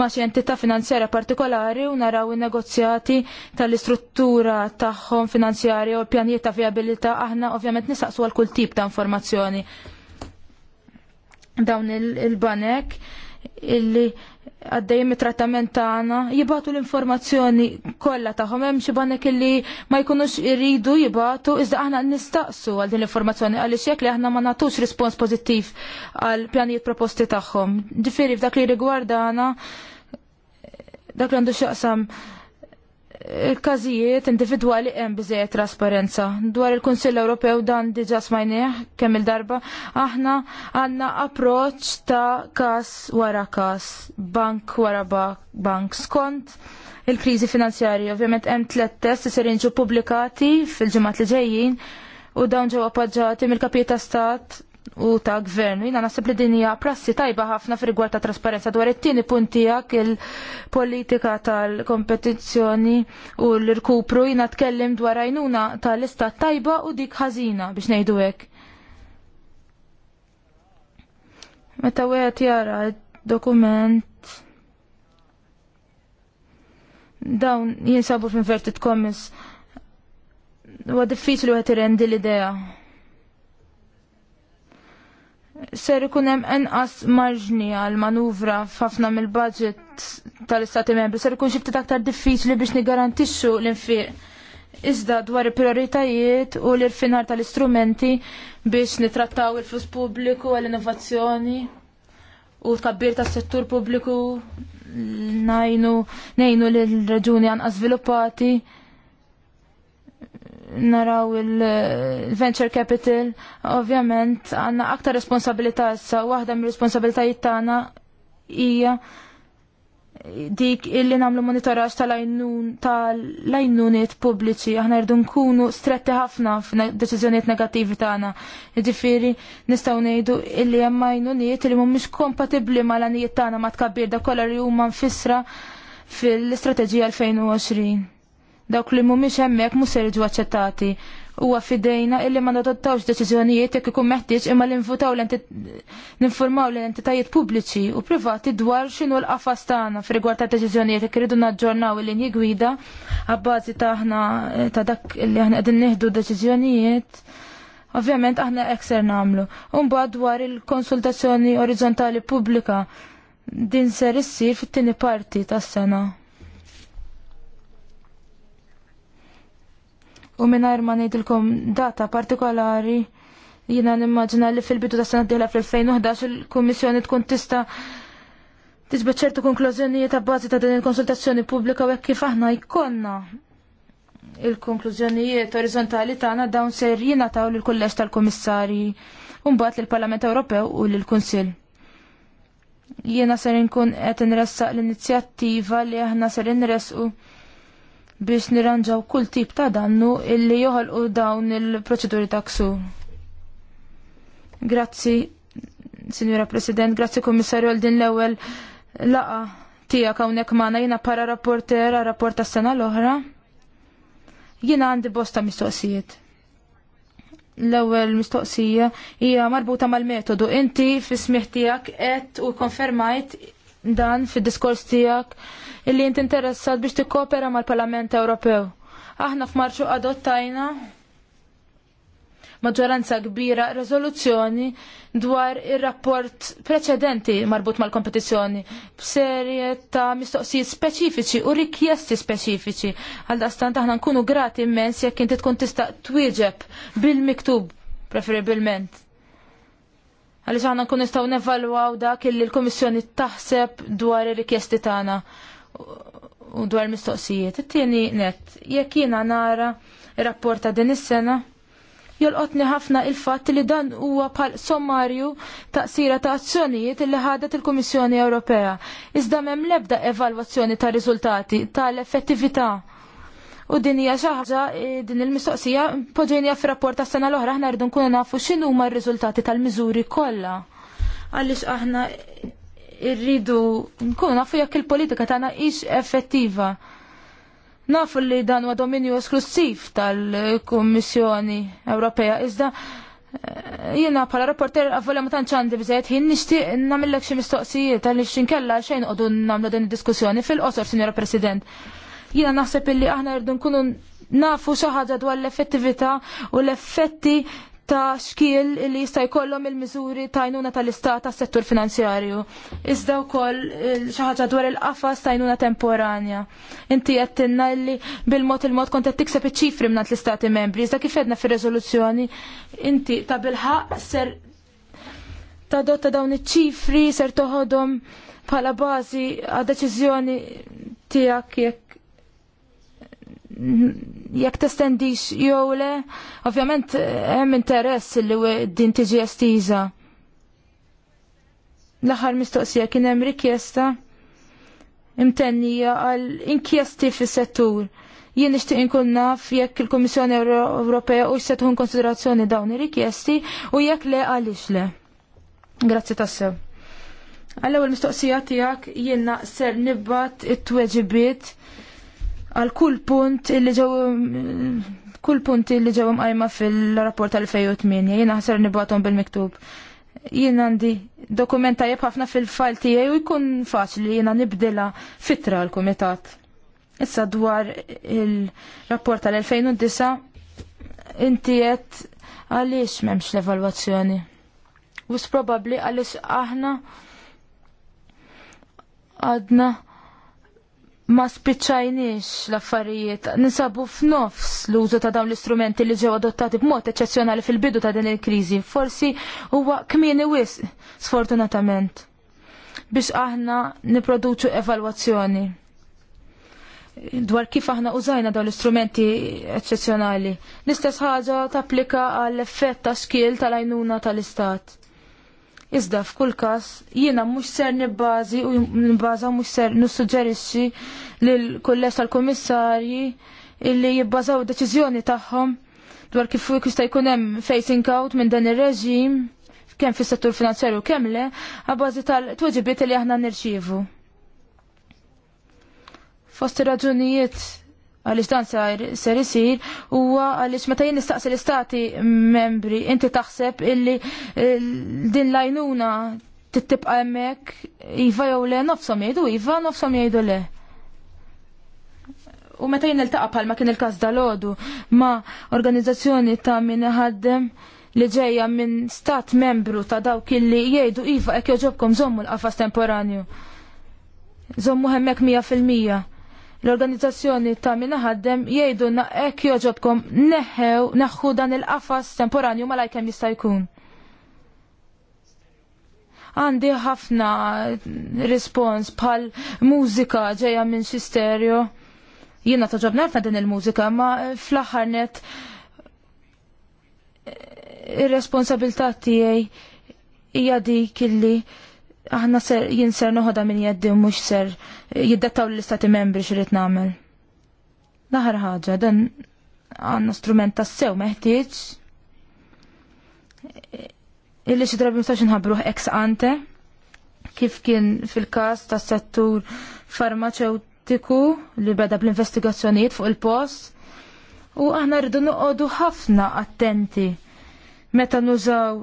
B: ma' xi entità finanzjarja partikolari u naraw in-negozjati tal-istruttura tagħhom finanzjarja u l-pjanijiet ta' viabilità aħna ovvjament nisaqsu għal kull tip ta' informazzjoni dawn il-banek illi għaddejjem it-trattament tagħna jibatu l-informazzjoni kollha tagħhom hemm xi banek illi ma jkunux iridu jibatu iżda aħna nistaqsu għal din l-informazzjoni għaliex hekk li aħna ma nagħtux rispons pożittiv għal pjanijiet proposti tagħhom. Ġifieri f'dak li rigwardana dak li għandu x'jaqsam il każijiet individwali hemm biżejjed trasparenza. Dwar il-Kunsill Ewropew dan diġà smajnieh kemm il-darba aħna għandna approċċ ta' każ wara każ, bank wara bank skont il-kriżi finanzjarja. Ovvjament hemm tliet test li ser jiġu pubblikati fil-ġimgħat li ġejjin u dawn ġew appoġġjati mill-kapijiet ta' stat u ta' gvern. Jina nasib li dinja prassi tajba ħafna fil-rigward ta' trasparenza dwar it-tieni puntijak il-politika tal-kompetizzjoni u l-irkupru jina tkellim dwar għajnuna tal lista tajba u dik ħażina biex ngħidu hekk. Meta wieħed jara dokument dawn jinsabu f'inverted commas huwa diffiċli wieħed irrendi l-idea ser ikun hemm inqas marġni għal manuvra f'ħafna mill-budget tal-Istati Membri ser ikun xi ftit aktar diffiċli biex nigarantixxu l-infiq. Iżda dwar il-prioritajiet u l-irfinar tal-istrumenti biex nitrattaw il-flus pubbliku għall-innovazzjoni u tkabbir tas-settur pubbliku najnu ngħinu l-raġuni għan sviluppati naraw il-venture capital, ovvjament għanna aktar responsabilità issa, waħda mir responsabilitajiet tagħna hija dik illi namlu monitoraġġ tal-għajnuniet pubbliċi, aħna rridu nkunu stretti ħafna f'deċiżjonijiet negattivi tagħna. Jiġifieri nistgħu ngħidu illi hemm għajnuniet li mhumiex kompatibbli mal-għanijiet tagħna ma tkabbir da kollha li huma nfissra fil-istrateġija 2020 Dawk li mhumiex hemmhekk mhux se jiġu aċċettati. Huwa fidejna illi ma nadottawx deċiżjonijiet jekk ikun meħtieġ imma l-invutaw ninformaw l-entitajiet pubbliċi u privati dwar x'inhu l-qafas tagħna f'rigward ta' deċiżjonijiet jekk iridu naġġornaw il-linji gwida għabbażi ta' ta' dak li aħna qegħdin nieħdu deċiżjonijiet. Ovvjament aħna ekser namlu. Umba dwar il-konsultazzjoni orizzontali pubblika din ser issir fit-tieni parti tas-sena. U mingħajr ma ngħidilkom data partikolari jiena nimmaġina li fil-bidu ta' sena d fil fl-2011 il-Kummissjoni tkun tista' tisbet ċertu konklużjonijiet ta' bażi ta' din il-konsultazzjoni pubblika u hekk kif aħna jkollna il-konklużjonijiet orizzontali tagħna dawn ser jingħataw l-kollex tal-Kummissarji u mbagħad lill-Parlament Ewropew u lill-Kunsill. Jiena ser inkun qed inressaq l-inizjattiva li aħna ser inresqu biex nirranġaw kull tip ta' dannu illi joħolqu dawn il-proċeduri ta' ksu. Grazzi, Signora President, grazzi Komissarju għal din l-ewwel laqa tiegħek hawnhekk magħna jina para rapporter għal rapport tas-sena l-oħra. Jiena għandi bosta mistoqsijiet l-ewwel mistoqsija hija marbuta mal-metodu. Inti fis-smieħ tiegħek qed u konfermajt dan fi diskors tiegħek illi jint interessat biex tikkopera mal-Parlament Ewropew. Aħna f'Marċu adottajna maġġoranza kbira rezoluzzjoni dwar ir-rapport preċedenti marbut mal-kompetizzjoni b'serje ta' mistoqsijiet speċifiċi u rikjesti speċifiċi. Għal dastant aħna nkunu grati immens jekk inti tkun tista' twieġeb bil-miktub preferibilment. Għaliex aħna nkun nistgħu nevalwaw dak li l-Kummissjoni taħseb dwar ir-rikjesti tagħna u dwar mistoqsijiet. It-tieni net, jekk jiena nara ir-rapport ta' din is-sena, jolqotni ħafna il-fatt li dan huwa bħal sommarju ta' sira ta' azzjonijiet li ħadet il-Kummissjoni Ewropea. Iżda m'hemm l-ebda evalwazzjoni ta' riżultati tal-effettività U din hija xi ħaġa eh, din il-mistoqsija poġejnija fir-rapport tas-sena l-oħra aħna rridu nkunu nafu x'inhu huma r-riżultati tal-miżuri kollha. Għaliex aħna rridu nkunu nafu jekk il-politika tagħna hix effettiva. Nafu li dan huwa dominju esklusiv tal-Kummissjoni Ewropea iżda eh, jiena bħala rapporter għavolja ma tantx għandi bżejt ħin nixtieq nagħmellek xi mistoqsijiet għaliex inkella xejn qogħdu nagħmlu din id-diskussjoni fil-qosor, Sinjora President. Jiena naħseb illi aħna rridu nkunu nafu xi ħaġa dwar l-effettività u l-effetti ta' xkiel li jista' jkollhom il-miżuri ta' jnuna tal-istat tas-settur finanzjarju. Iżda wkoll eh, xi ħaġa dwar il-qafas ta' temporanja. Inti qed tinna li bil-mod il-mod kont qed tikseb iċ-ċifri mingħand l-istati membri, iżda kif edna fir-riżoluzzjoni inti ta' bilħaq ser ta' dotta dawn iċ-ċifri ser toħodhom bħala bażi għad deċiżjoni tiegħek jekk jekk testendix jew le, ovvjament hemm interess li din tiġi estiża. L-aħħar mistoqsija kien hemm rikjesta imtennija għal inkjesti fis-settur. Jien nixtieq inkun naf jekk il-Kummissjoni Ewropea u se tħun konsiderazzjoni dawn ir-rikjesti u jekk le għaliex le. Grazzi tassew. Għallew il-mistoqsija tiegħek jien naqser nibbat it-tweġibiet għal kull punt li ġew kull punt li ġew imqajma fil-rapport tal-2008 jiena ħasar nibgħathom bil-miktub. Jien għandi dokumenta ħafna fil-fajl tiegħi u jkun faċli jiena nibdilha fitra l kumitat Issa dwar il-rapport tal-2009 inti qed għaliex m'hemmx l-evalwazzjoni. Wis probabbli għaliex aħna għadna ma spiċċajniex l-affarijiet, ninsabu f'nofs l-użu ta' dawn l-istrumenti li ġew adottati b'mod eċċezzjonali fil-bidu ta' din il-kriżi. Forsi huwa kmieni wis, sfortunatament, biex aħna niproduċu evalwazzjoni dwar kif aħna użajna dawn l-istrumenti eċċezzjonali. L-istess ħaġa tapplika għall effett ta' skill tal-għajnuna tal-istat. Iżda f'kull każ jiena mhux ser nibbażi u nibbaża mhux ser nissuġġerixxi lil kulleġġ tal-kummissarji illi jibbażaw deċiżjoni tagħhom dwar kif jista' jkun hemm facing out minn dan ir-reġim kemm fis-settur finanzjarju kemm le għabbażi tal-tweġibiet li aħna nirċievu. Fost ir-raġunijiet għaliex dan ser isir huwa għaliex meta jien nistaqsi l-istati membri inti taħseb illi din lajnuna tittibqa hemmhekk iva jew le nofshom jgħidu iva nofshom jgħidu le. U meta jien niltaqa' bħalma kien il-każ dalodu ma' organizzazzjoni ta' minn ħaddem li ġejja minn stat membru ta' dawk illi jgħidu iva ekjoġobkom zommu l-qafas temporanju. Zommu hemmek mija fil-mija l-organizzazzjoni ta' minna ħaddem jgħidu naqek joġobkom neħew neħħu dan il-qafas temporanju ma lajkem jista' jkun. Għandi ħafna rispons bħal mużika ġeja minn xi stereo. Jiena toġobna ħafna din il-mużika, ma fl-aħħar net eh, ir-responsabilità tiegħi hija dik illi aħna ser jien ser noħoda minn jeddi u mux ser jiddettaw l-istati membri xirrit namel. Naħar ħagġa, dan għanna strument ta' sew meħtieġ. Illi xi drabi mistax nħabruh ex ante kif kien fil-każ tas settur farmaceutiku li beda bl-investigazzjonijiet fuq il-post u aħna rridu noqogħdu ħafna attenti meta nużaw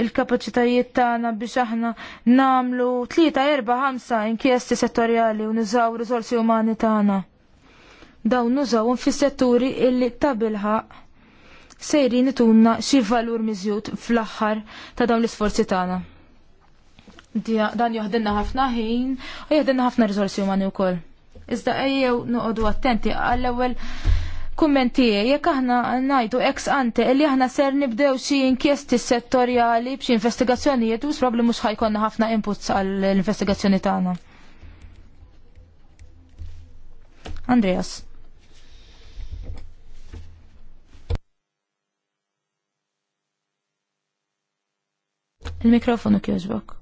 B: il-kapacitajiet tagħna biex aħna namlu tlieta erba' ħamsa inkjesti settorjali u nużaw riżorsi umani tagħna. Dawn nużawhom fis-setturi illi tabilħaq sejrin itunna xi valur miżjud fl-aħħar ta' dawn l-isforzi tagħna. Dan joħdinna ħafna ħin u joħdinna ħafna riżorsi umani wkoll. Iżda ejjew noqogħdu attenti għall-ewwel kummenti jekk aħna ngħidu ex ante li aħna ser nibdew xi inkjesti settorjali b'xi investigazzjonijiet u probabbli mhux ħajkonna ħafna inputs għall investigazzjoni tagħna. Andreas. Il-mikrofonu kjożbok.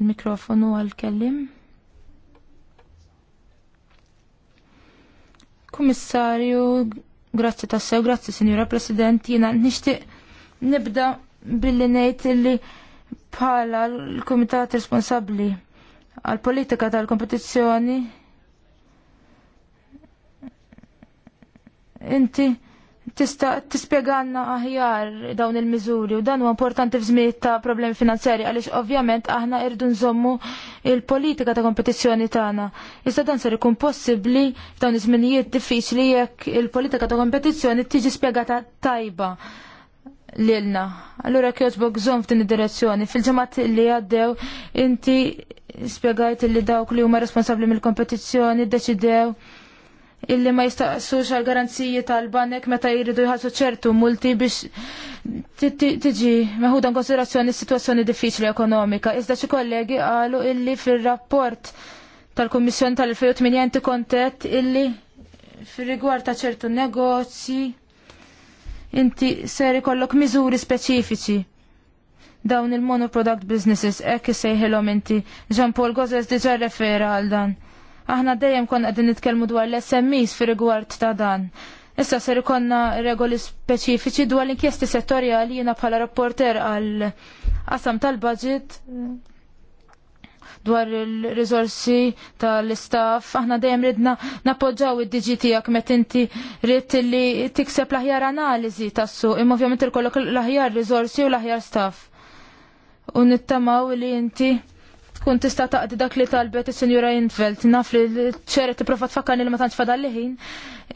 B: Il-mikrofonu għal-kellim. Kummissarju, grazzi tassew, grazzi Sinjura President, jina nishtiq nibda billi nejt illi bħala l-Komitat Responsabli għal-Politika tal-Kompetizzjoni. Inti tista' tispjeganna aħjar dawn il-miżuri u dan huwa importanti f'żmien ta' problemi finanzjari għaliex ovvjament aħna irdu nżommu il-politika ta' kompetizzjoni tagħna. Issa dan ser ikun possibbli dawn iż-żminijiet diffiċli jekk il-politika ta' kompetizzjoni tiġi spjegata tajba lilna. Allura kjoġbok żomm f'din id-direzzjoni. Fil-ġemat li għaddew inti spiegajt li dawk li huma responsabbli mill-kompetizzjoni ddeċidew illi ma jistaqsux għal garanziji tal-banek meta jridu jħassu ċertu multi biex tiġi meħuda konsiderazzjoni situazzjoni diffiċli ekonomika. Iżda xi kollegi qalu illi fir-rapport tal-Kummissjoni tal-2008 jenti kontet illi fir-rigward ta' ċertu negozji inti ser ikollok miżuri speċifiċi dawn il-monoproduct businesses, ekki sejħilom inti. Jean Paul Gozes diġà refera għal dan Aħna dejjem konna qegħdin nitkellmu dwar l-SMEs fi rigward ta' dan. Issa ser ikonna regoli speċifiċi dwar l-inkjesti settorjali jiena bħala rapporter għal qasam tal-budget dwar il-rizorsi tal-istaff, aħna dejjem ridna napoġġaw id-diġi tiegħek meta inti rid li tikseb l-aħjar analiżi tas-suq, imma ovvjament ikollok l-aħjar rizorsi u l-aħjar staff. U nittamaw li inti tkun tista' taqdi dak li talbet is-Sinjura Infeld naf li ċeret tipprova tfakkarni li ma tantx fadal ħin.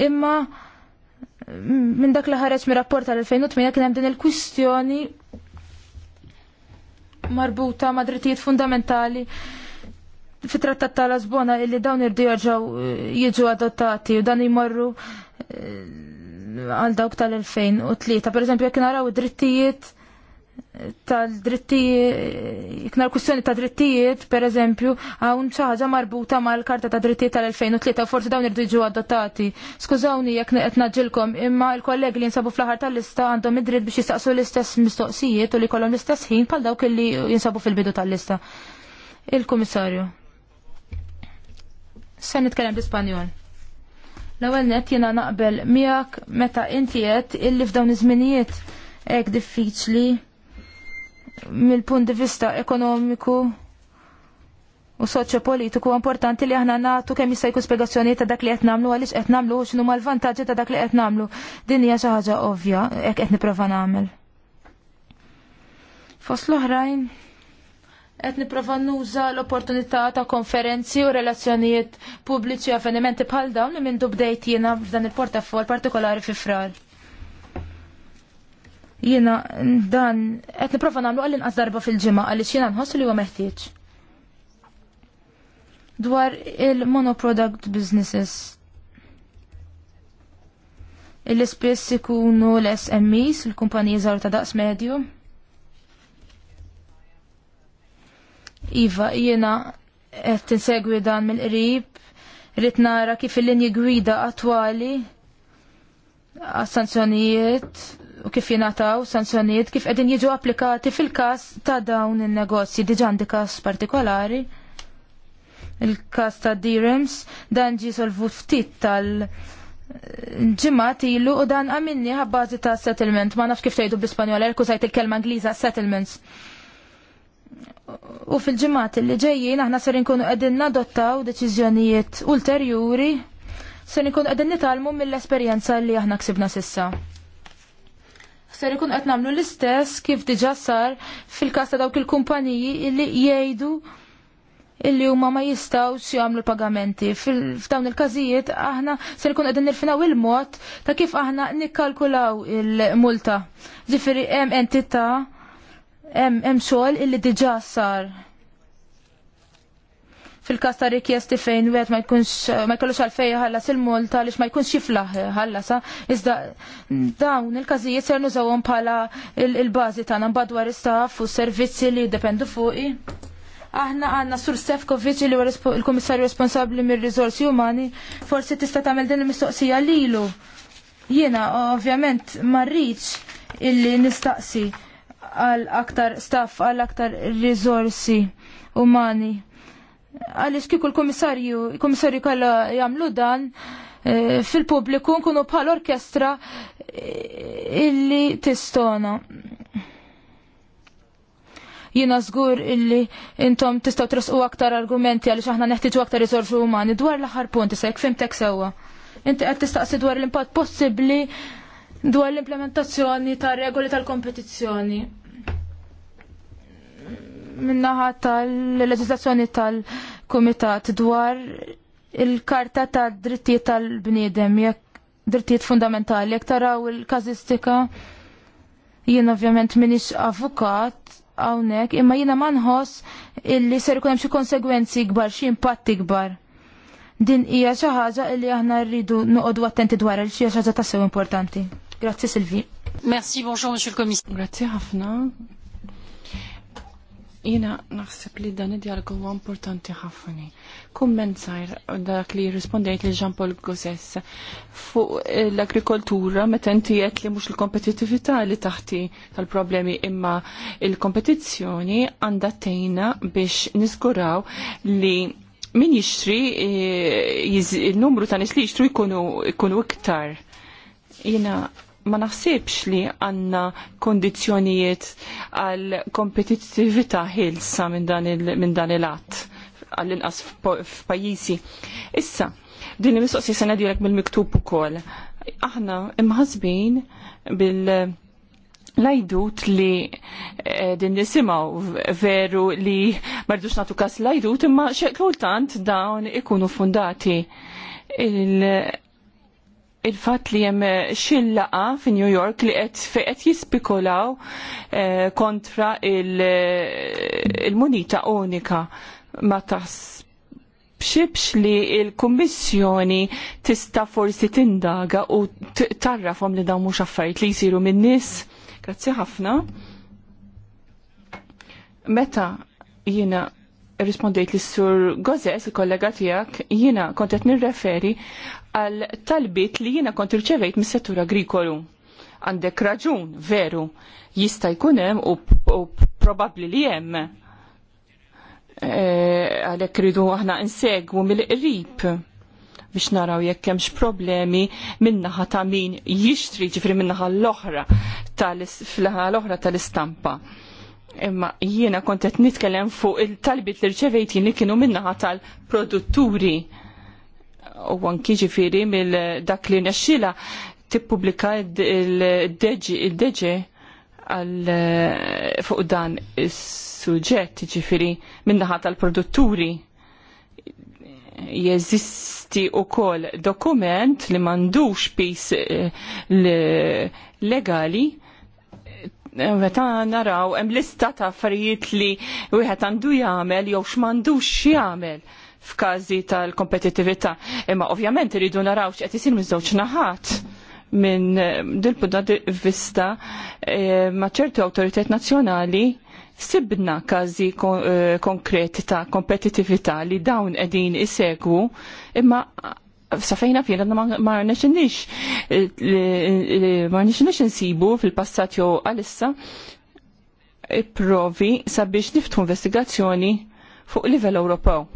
B: Imma mm, minn dak li ħareġ mir rapport tal-2008 kien hemm din il-kwistjoni marbuta ma' drittijiet fundamentali fit-trattat ta' lisbona illi dawn irdu eh, jiġu adottati u dan jmorru eh, għal dawk tal-2003. Per eżempju, jekk naraw id-drittijiet tal-drittijiet, l kussjoni ta' drittijiet, per eżempju, għawn ċaħġa marbuta mal-karta ta' drittijiet tal-2003, forsi dawn irdu ġu adottati. Skużawni jek etnaġilkom, imma il-kolleg li jinsabu fl-ħar tal-lista għandhom id-dritt biex jistaqsu l-istess mistoqsijiet u li kollhom l-istess ħin pal dawk li jinsabu fil-bidu tal-lista. Il-komissarju. Se nitkellem bl-Ispanjol. L-ewwel net jiena naqbel miak meta inti illi f'dawn iż-żminijiet hekk diffiċli mill-punt di vista ekonomiku u soċjopolitiku importanti li aħna nagħtu kemm jista' jkun spjegazzjoni ta' dak li qed nagħmlu għaliex qed nagħmlu u x'inhuma l-vantaġġi ta' dak li qed nagħmlu. Din hija xi ħaġa ovvja hekk qed nipprova nagħmel. Fost l-oħrajn qed nipprova nuża l-opportunità ta' konferenzi u relazzjonijiet pubbliċi u avvenimenti bħal dawn li minn dubdejt jiena f'dan il-portafol partikolari fi frar. Jiena dan qed nipprova nagħmlu għall inqas darba fil-ġimgħa għaliex jiena nħossu li huwa meħtieġ. Dwar il-monoproduct businesses il spiss ikunu l-SMEs, l-kumpaniji żgħar ta' daqs medju. Iva, jiena qed tinsegwi dan mill-qrib, rrid nara kif il-linji gwida attwali għas-sanzjonijiet U kif jingħataw sanzjonijiet kif qegħdin jiġu applikati fil-każ ta' dawn in-negozji diġà għandi każ partikolari. Il-każ ta' dirims dan ġie solvu ftit tal- ġimgħat ilu u dan għamilni għabbażi ta' settlement. Ma naf kif tgħidu bl ispanjola erku sajt il-kelma Ingliża settlements. U fil-ġimmat li ġejjin aħna ser nkunu qegħdin nadottaw deċiżjonijiet ulterjuri ser nkunu qegħdin nitalmu mill-esperjenza li aħna ksibna sissa ser ikun qed nagħmlu l-istess kif diġà sar fil-każ ta' dawk il-kumpaniji li jgħidu illi huma ma jistgħux jagħmlu pagamenti. F'dawn il-każijiet aħna se nkun qegħdin nirfinaw il-mod ta' kif aħna nikkalkulaw il-multa. Ġifieri hemm entità hemm hemm xogħol illi diġà sar fil-kas ta' rikjesti fejn wieħed ma jkunx ma jkollux għalfej ħallas il-multa għaliex ma jkunx jiflaħ ħallasa, iżda dawn il-każijiet ser nużawhom bħala il-bażi tagħna mbadwar dwar istaff u servizzi li jiddependu fuqi. Aħna għanna sur Stefkovic li huwa il-Kummissarju responsabbli mir-riżorsi umani, forsi tista' tagħmel din il-mistoqsija lilu. Jiena ovvjament ma rridx illi nistaqsi għal aktar staff, għal aktar riżorsi umani Għaliex kieku l-komissarju, komissarju kalla jagħmlu dan eh, fil-pubbliku nkunu bħal orkestra eh, illi tistona. Jina żgur illi intom tistgħu tresqu aktar argumenti għaliex aħna neħtieġu aktar riżorsi umani dwar l-aħħar punt issa jekk fimtek sewwa. Inti qed tistaqsi dwar l-impatt possibbli dwar l-implementazzjoni ta' regoli tal-kompetizzjoni minnaħa tal-leġislazzjoni tal-Kumitat dwar il-Karta ta' Drittijiet tal-Bniedem, jekk drittijiet fundamentali, jekk taraw il-kazistika, jien ovvjament minix avukat hawnhekk, imma jiena ma nħoss illi ser ikun hemm xi konsegwenzi kbar, xi impatti kbar. Din hija xi ħaġa li aħna rridu noqogħdu attenti dwar għal xi ħaġa sew importanti. Grazzi Silvi.
A: Merci, bonjour, monsieur le commissaire. Grazie ħafna, Jina naħseb li dan id-dialogu huwa importanti ħafna. Kumment sajr dak li rispondejt li Jean-Paul Gozess fuq l-agrikoltura meta inti qed li mhux il-kompetittività li taħti tal-problemi imma il-kompetizzjoni għandha tejna biex niżguraw li min jixtri e, il-numru ta' nies li jixtru jkunu iktar. Jina ma naħsibx li għanna kondizjonijiet għal kompetittività ħilsa minn dan il-att għall-inqas f'pajjiżi. Issa, din il-mistoqsija se ngħidilek mill-miktub ukoll. Aħna imħasbin bil- lajdut li eh, din nisimaw veru li mardux natu kas lajdut imma xekultant dawn ikunu fundati il il-fat li jem eh, xillaqa fi New York li qed jispikolaw eh, kontra eh, il-munita unika ma bxibx li il-Kummissjoni tista' forsi tindaga u tarrafhom li dawn mhux affarijiet li jsiru min-nies. Grazzi ħafna. Meta jiena rispondejt li sur Gozes, il-kollega tijak, jina kontet nirreferi għal talbit li jina kont irċevejt mis settur agrikolu. Għandek raġun, veru, jista jkunem u, u probabli li jem. Għalek e, ridu aħna insegwu mill-qrib biex naraw jekk hemmx problemi minnaħa ta' min jixtri ġifri minnaħa l-oħra tal-istampa. tal oħra tal istampa Imma jiena kont qed nitkellem fuq il-talbit li rċevejtin li kienu minnaħa tal-produtturi u anki ġifiri mill dak li nesċila tippubblika il-deġi għal fuq dan is-suġġett ġifiri minnaħa tal-produtturi jeżisti u kol dokument li mandux pis eh, legali meta naraw hemm lista ta' affarijiet li wieħed għandu jagħmel jew x'mandux jagħmel f'każi tal-kompetittività. Imma ovvjament iridu narawx qed isir miż-żewġ naħat minn eh, dil-punta vista eh, ma' ċertu awtoritet nazzjonali sibna każi eh, konkreti ta' kompetitività li dawn qegħdin isegwu imma safejna fjena ma rnexinix ma rnexinix eh, nsibu fil-passat jew għalissa provi sabiex niftu investigazzjoni fuq livell Ewropew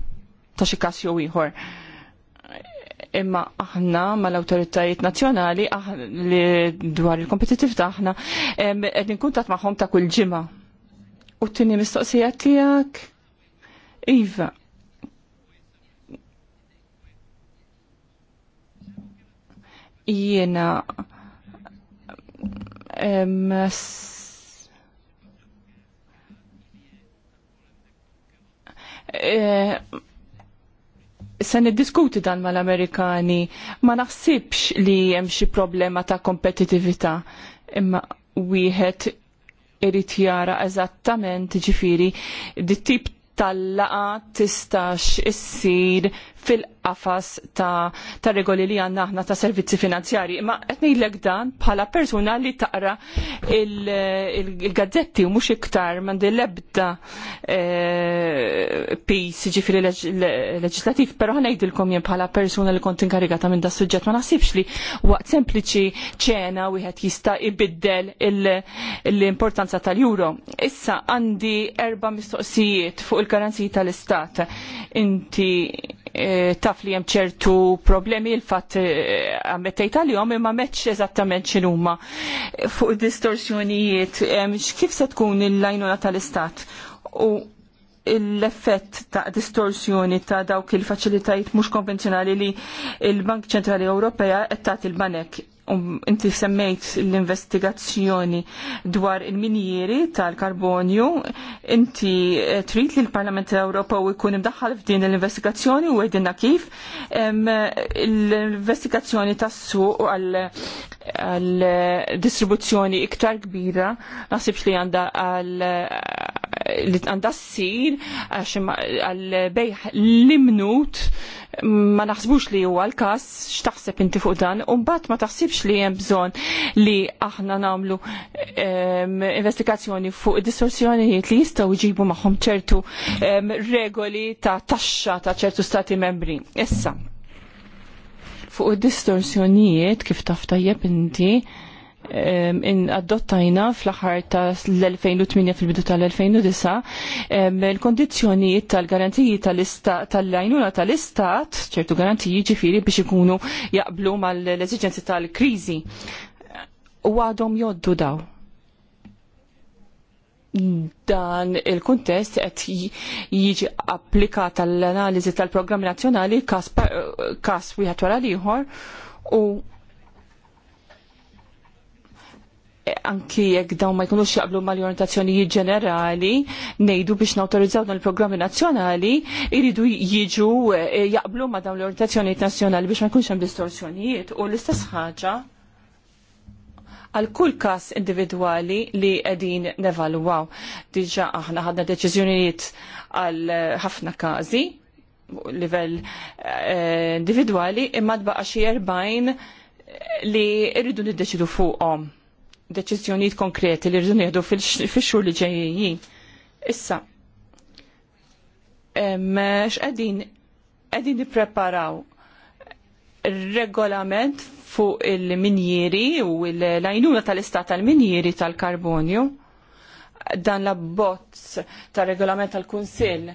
A: ta' xi kas jew ieħor. Imma aħna mal-awtoritajiet nazzjonali dwar il-kompetitiv aħna qed inkuntat magħhom ta' kull ġimgħa. U t-tieni mistoqsija tiegħek Iva, jiena eh, se niddiskuti dan mal-Amerikani ma naħsibx li hemm xi problema ta' kompetitività imma wieħed irid jara eżattament ġifiri di tip tal-laqa tistax issir fil-qafas ta', ta regoli li għanna aħna ta' servizzi finanzjari. Ma qed l dan bħala persuna li taqra il-gazzetti il il u mhux iktar mandi l-ebda e, pis ġifieri leġislativ, pero però jidilkom jien bħala persuna li kont inkarigata minn da' suġġett ma naħsibx li waqt sempliċi ċena wieħed jista' ibiddel l-importanza tal juro Issa għandi erba' mistoqsijiet fuq il-garanziji tal-istat. Inti Eh, taf li hemm ċertu problemi il-fatt għammettejt eh, għalihom imma meċ eżattament x'inhuma fuq id distorsjonijiet kif se tkun il-lajnuna tal-istat u l-effett ta' distorsjoni ta' dawk il-faċilitajiet mhux konvenzjonali li l-Bank Ċentrali Ewropea qed tagħti il-banek Um, inti semmejt l-investigazzjoni dwar il-minjeri tal-karbonju, inti eh, trid li l-Parlament Ewropew ikun imdaħħal f'din l-investigazzjoni u għedinna kif l-investigazzjoni tas-suq għal distribuzzjoni iktar kbira naħsibx li għanda għal li għandha ssir għax għal-bejħ l-imnut ma naħsbux li huwa l-każ x'taħseb inti fuq dan u mbagħad ma taħsibx li hemm bżonn li aħna nagħmlu investigazzjoni fuq distorsjonijiet li jistgħu jġibu magħhom ċertu regoli ta' taxxa ta' ċertu stati membri. Issa, fuq id-distorsjonijiet kif taf tajjeb inti in adottajna fl-aħħar ta' l-2008 fil-bidu tal-2009 il-kondizjonijiet tal-garantiji tal-għajnuna tal-istat, ċertu garantiji ġifiri biex ikunu jaqblu mal-eżigenzi tal-krizi. U għadhom joddu daw. Dan il-kuntest qed jiġi applikata tal-analiżi tal-programm nazzjonali kas wieħed wara l ieħor u anki jekk dawn ma jkunux jaqblu mal-orientazzjonijiet ġenerali ngħidu biex nautorizzaw dan il-programmi nazzjonali jridu jiġu eh, jaqblu ma dawn l orientazzjoni nazzjonali biex ma jkunx hemm distorsjonijiet u l-istess ħaġa għal kull kas individuali li qegħdin nevalwaw. Diġà aħna ħadna deċiżjonijiet għal ħafna każi livell eh, individwali imma tbaqa xi erbajn li rridu niddeċidu fuqhom deċiżjonijiet konkreti li rridu nieħdu fix-xhur li ġejjin. Issa, x'qegħdin qegħdin nippreparaw regolament fuq il-minjeri u l-għajnuna tal-istat tal-minjeri tal-karbonju dan la bozz tal-regolament tal-Kunsill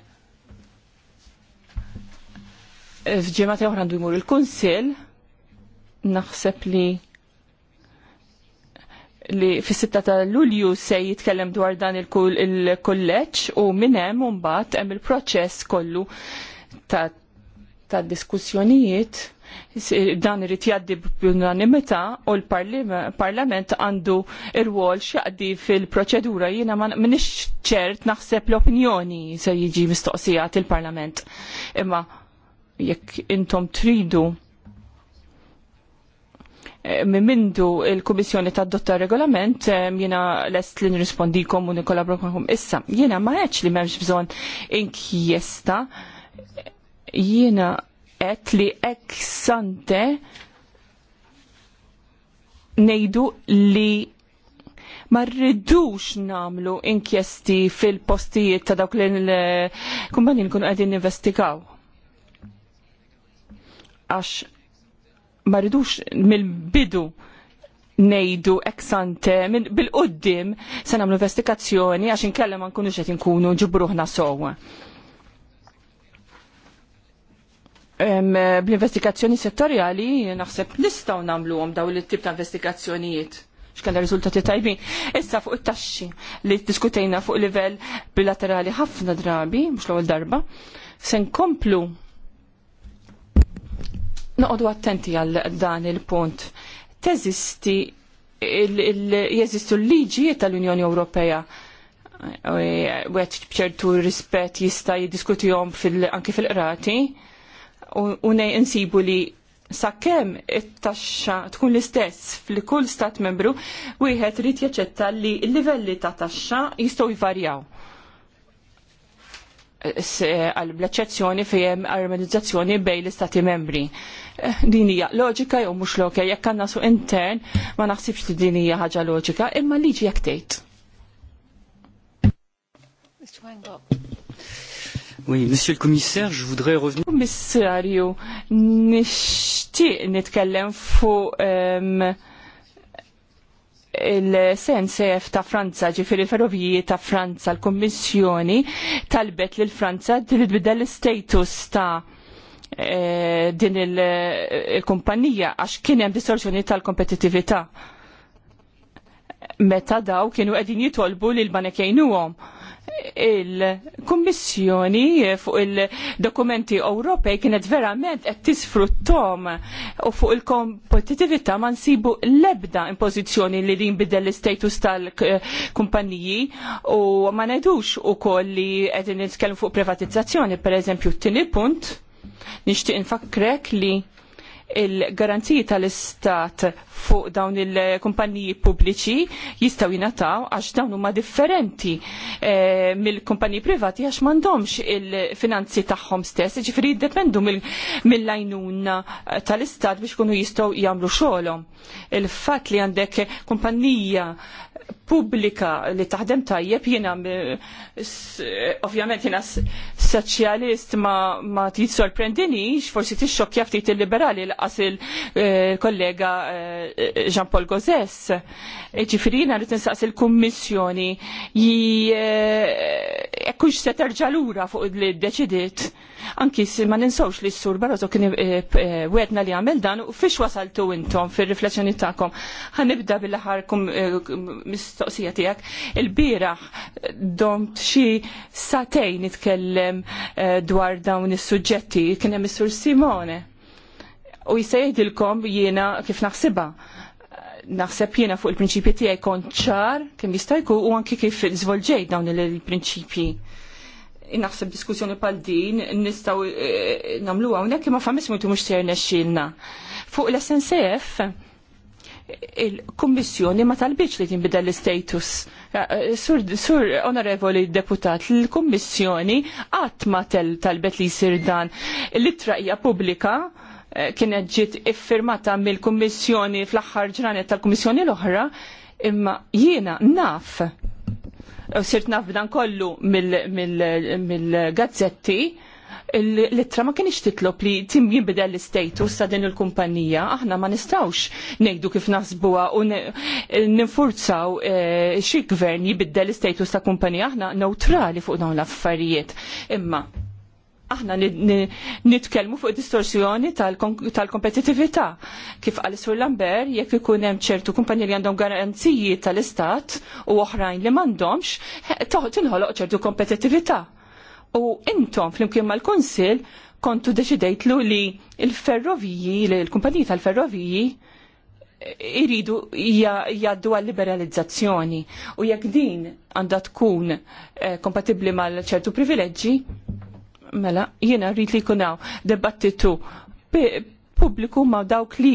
A: f'ġimgħa oħra ndu jmur il-Kunsill naħseb li li fis sitta ta' Lulju se jitkellem dwar dan il-kolleġġ u minn u mbagħad hemm il-proċess kollu ta' ta' diskussjonijiet dan irid jgħaddi b'unanimità u l-Parlament għandu ir-wol x'jaqdi fil-proċedura jiena m'iniex ċert naħseb l-opinjoni se jiġi mistoqsijat il-Parlament. Imma jekk intom tridu Eh, mindu il-Kummissjoni ta' dotta regolament eh, jiena lest li nirrispondikom u nikolabru magħhom. Issa, jiena ma għedx li m'hemmx bżonn inkjesta, jiena qed li eksante ngħidu li ma rridux namlu inkjesti fil-postijiet ta' dawk l-kumpanji kun qegħdin investigaw. Għax ma mill-bidu nejdu eksante bil-qoddim se nagħmlu investigazzjoni għax inkellem ma nkunux qed inkunu ġibruħna sewwa. Bl-investigazzjoni settorjali naħseb nistgħu nagħmluhom dawn it-tip ta' investigazzjonijiet xkella riżultati tajbin. Issa fuq it-taxxi li diskutejna fuq livell bilaterali ħafna drabi, mhux l-ewwel darba, se nkomplu noqogħdu attenti għal dan il-punt. Teżisti jeżistu l-liġijiet tal-Unjoni Ewropea u e, għet bċertu rispet jista jom anki fil-qrati u nej insibu li sakkem it-taxxa tkun l-istess fil-kull stat membru u jħed rrit jaċetta li l-livelli ta' taxxa jistgħu jvarjaw Eh, għal bl-eċezzjoni fejem armonizzazzjoni bej l-istati membri. Eh, din hija loġika jew mhux loġika, jekk għandna su intern ma naħsibx li din hija ħaġa loġika imma liġi jekk tgħid. Oui, monsieur le commissaire, je voudrais revenir. Commissario, nishti nitkellem fuq ehm, il-sensef ta' Franza, ġifiri ferroviji ta' Franza, l-Kommissjoni talbet lil franza trid bidel l-status ta' e, din il-kumpanija e, għax kien hemm distorsjoni tal-kompetittività. Meta daw kienu qegħdin jitolbu lil banek jgħinuhom il-Kummissjoni fuq il-dokumenti Ewropej kienet verament qed tisfruttom u fuq il-kompetitività ma nsibu l-ebda impożizzjoni li din bidel l-istatus tal-kumpaniji u ma ngħidux ukoll li qegħdin nitkellmu fuq privatizzazzjoni pereżempju t-tieni punt nixtieq infakrek li il-garanziji tal-istat fuq dawn il-kumpaniji pubbliċi jistaw jinataw għax dawn huma differenti e, eh, mill-kumpaniji privati għax m'għandhomx il-finanzi tagħhom stess, ġifieri jiddependu mill-għajnuna mil tal-istat biex kunu jistgħu jagħmlu xogħolhom. Il-fatt li għandek kumpanija pubblika li taħdem tajjeb jiena eh, ovvjament jiena soċjalist ma ma sorprendinix, forsi tixxokkja ftit il-liberali l-qas il-kollega eh, eh, Jean-Paul Gozes. Ġifieri jiena tinsaqs ninsaqs il-kummissjoni jekkux se terġa' lura fuq li ddeċidiet. Anki ma ninsawx li s-sur Barroso kien wedna li għamil dan u fiex wasaltu intom fir-riflessjoni tagħkom. Ħanibda bil-aħħar mistoqsija tiegħek. Il-bieraħ domt xi satejn nitkellem eh, dwar dawn is-suġġetti kien hemm is-Sur Simone. U jisejħdilkom jiena kif naħsibha naħseb jiena fuq il-prinċipji tiegħi kont ċar kemm jista' jkun u anki kif żvolġejt dawn il-prinċipji. Naħseb diskussjoni pal din nistgħu eh, nagħmluha hawnhekk imma famis mhux se nexxielna. Fuq l-SNCF il-Kummissjoni ma talbitx li tinbidel l-status. Eh, sur, sur onorevoli deputat, l-Kummissjoni għatma ma talbet li jsir dan l itraqja pubblika eh, kienet ġiet iffirmata mill-Kummissjoni fl-aħħar ġranet tal-Kummissjoni l-oħra, imma jiena naf eh, sirt naf dan kollu mill-gazzetti mil, mil l-ittra ma kienix titlob li tim jinbidel l-istatus ta' din il-kumpanija, aħna ma nistawx nejdu kif nasbuwa u ninfurzaw eh, xi gvern jibiddel l-istatus ta' kumpanija, aħna neutrali fuq dawn l-affarijiet. Imma aħna nitkellmu fuq distorsjoni tal-kompetitività. Kif għal Sur Lambert, jekk ikun hemm ċertu kumpanji li għandhom garanziji tal-istat u oħrajn li m'għandhomx, eh, tinħoloq ċertu kompetitività u intom flimkien mal konsil kontu deċidejtlu li il-ferroviji, l-kumpaniji tal-ferroviji iridu jaddu għal liberalizzazzjoni u jekk din għandha tkun eh, kompatibbli mal ċertu privileġġi, mela jiena rrid li kunaw debattitu pubbliku ma dawk li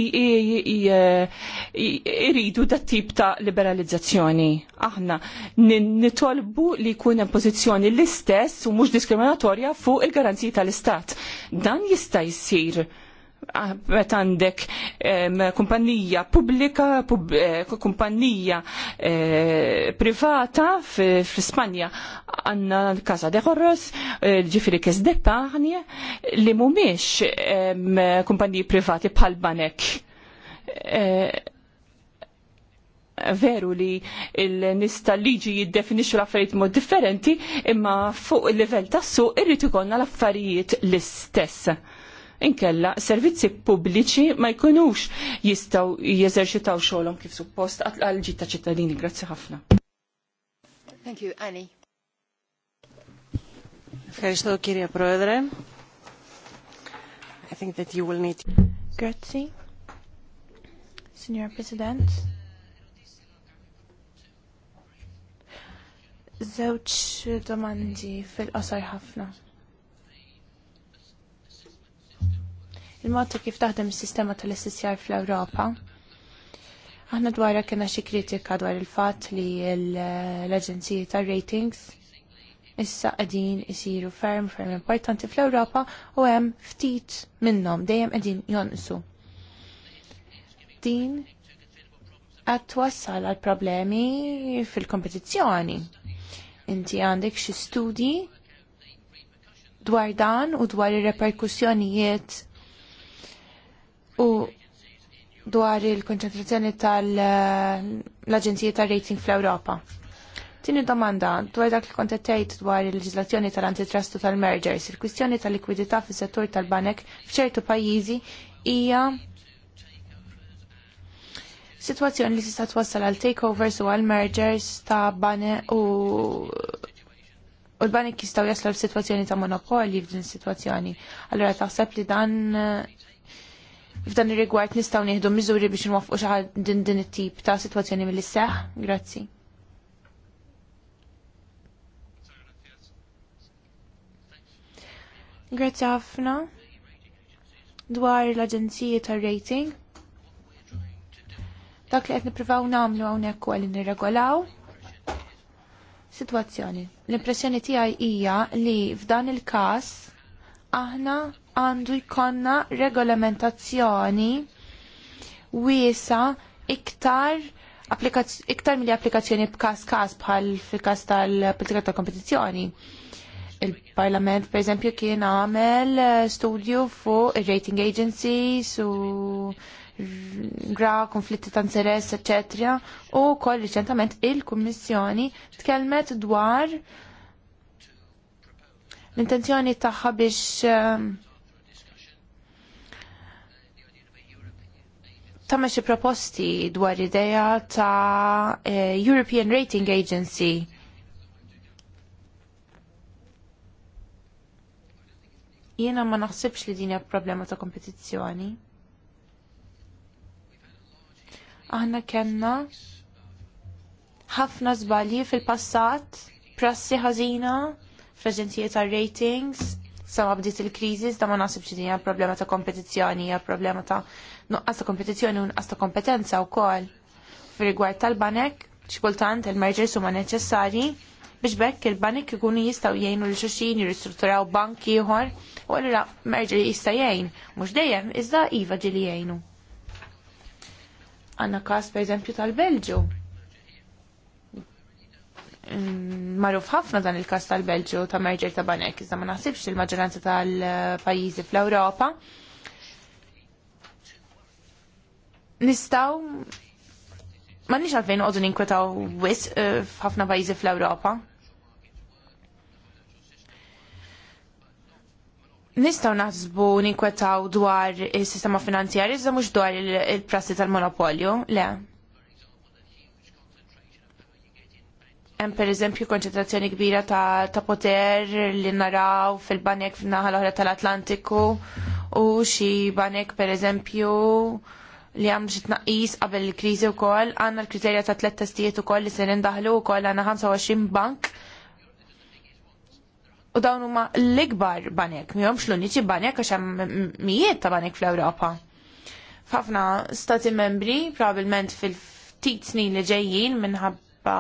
A: iridu dat tip ta' liberalizzazzjoni. Aħna nitolbu li jkun hemm pożizzjoni l-istess u mhux diskriminatorja fuq il-garanziji tal-Istat. Dan jista' jsir għet ah, għandek kumpanija pubblika, eh, kumpanija eh, privata fl-Ispanja għanna l-Casa de Horros, eh, ġifiri kes de li mumiex kumpanija privati bħal banek. Veru li l-nista liġi jiddefinixu l-affarijiet mod differenti, imma fuq il-level tassu irrit ikollna l-affarijiet l-istess inkella servizzi pubbliċi ma jkunux jistaw jeżerċitaw xogħolhom kif suppost għal ġita ta' ċittadini. Grazzi ħafna. Thank you, Annie. Ευχαριστώ κύριε Πρόεδρε. I think that you will need...
C: Grazie. Signor President. Zewċ domandi fil-qosar ħafna. il-mod ta' kif taħdem is-sistema tal-SSR fl-Ewropa. Aħna dwarha kena xi kritika dwar il-fatt li l-Aġenziji tar-ratings issa qegħdin isiru ferm ferm importanti fl-Ewropa u hemm ftit minnhom dejjem qegħdin jonqsu. Din qed twassal għal problemi fil-kompetizzjoni. Inti għandek xi studji dwar dan u dwar ir-reperkussjonijiet u dwar il-konċentrazzjoni tal-Aġenzija tal-Rating fl-Ewropa. Tini domanda, dwar dak li kontettejt dwar il-leġislazzjoni tal-antitrust u tal-mergers, il-kwistjoni tal-likwidità fis settur tal-banek f'ċertu pajjiżi hija situazzjoni li tista' twassal għal takeovers u għal mergers ta' bane u u l-banek jistaw jaslu l-situazzjoni ta' monopoli f'din situazzjoni. Allora taħseb li dan f'dan ir-rigward nistgħu nieħdu miżuri biex nwaffqu xi din din it-tip ta' sitwazzjoni mill seħħ Grazzi. Grazzi ħafna dwar l-aġenziji tar-rating. Dak li qed nippruvaw nagħmlu hawnhekk ukoll li nirregolaw sitwazzjoni. L-impressjoni tiegħi hija li f'dan il-każ aħna għandu jkollna regolamentazzjoni wiesa iktar iktar mill applikazzjoni b'kas kas bħal fil-kas tal-politika tal kompetizzjoni. Il-Parlament, per eżempju, kien għamel eh, studju fuq rating agencies u gra konflitti ta' interess, etc. U koll riċentament il-Kummissjoni tkellmet dwar l-intenzjoni tagħha biex eh, tagħmel xi proposti dwar idea ta' e, European Rating Agency. Jiena ma naħsibx li din hija problema ta' kompetizzjoni. Aħna kellna ħafna żbalji fil-passat, prassi ħażina, fl aġenzija tar ratings sama bdiet il-kriżi da ma naħsibx li hija problema ta' kompetizzjoni, hija problema ta' nuqqas ta' kompetizzjoni u nuqqas ta' kompetenza wkoll. Fir-rigward tal-banek, xi kultant il-mergers huma neċessarji biex bekk il-banek ikunu jistgħu jgħinu li xulxin jirristrutturaw bank ieħor u allura merġi jista' jgħin, mhux dejjem iżda iva ġieli jgħinu. Għandna każ pereżempju tal-Belġu Mm, marruf ħafna dan il-kas tal-Belġu ta' merġer ta' banek, iżda ma naħsibx il-maġġoranza tal-pajjiżi fl-Ewropa. Nistaw ma nix għalfejn għodun ninkwetaw wis eh, f'ħafna pajjiżi fl-Ewropa. Nistaw naħsbu ninkwetaw dwar il-sistema finanzjarju iżda mhux dwar il-prassi tal-monopolju, le. hemm pereżempju konċentrazzjoni kbira ta', ta poter li naraw fil-banek f'naħa naħa l-oħra tal-Atlantiku u xi banek pereżempju li għam xi tnaqqis qabel il-kriżi wkoll għandna l-kriterja ta' tliet testijiet ukoll li se nindaħlu wkoll għandna 25 bank u dawn huma l-ikbar banek, mihomx l-uniċi banek għax hemm mijiet ta' banek fl-Ewropa. F'ħafna stati membri, probabbilment fil-ftit snin li ġejjin minħabba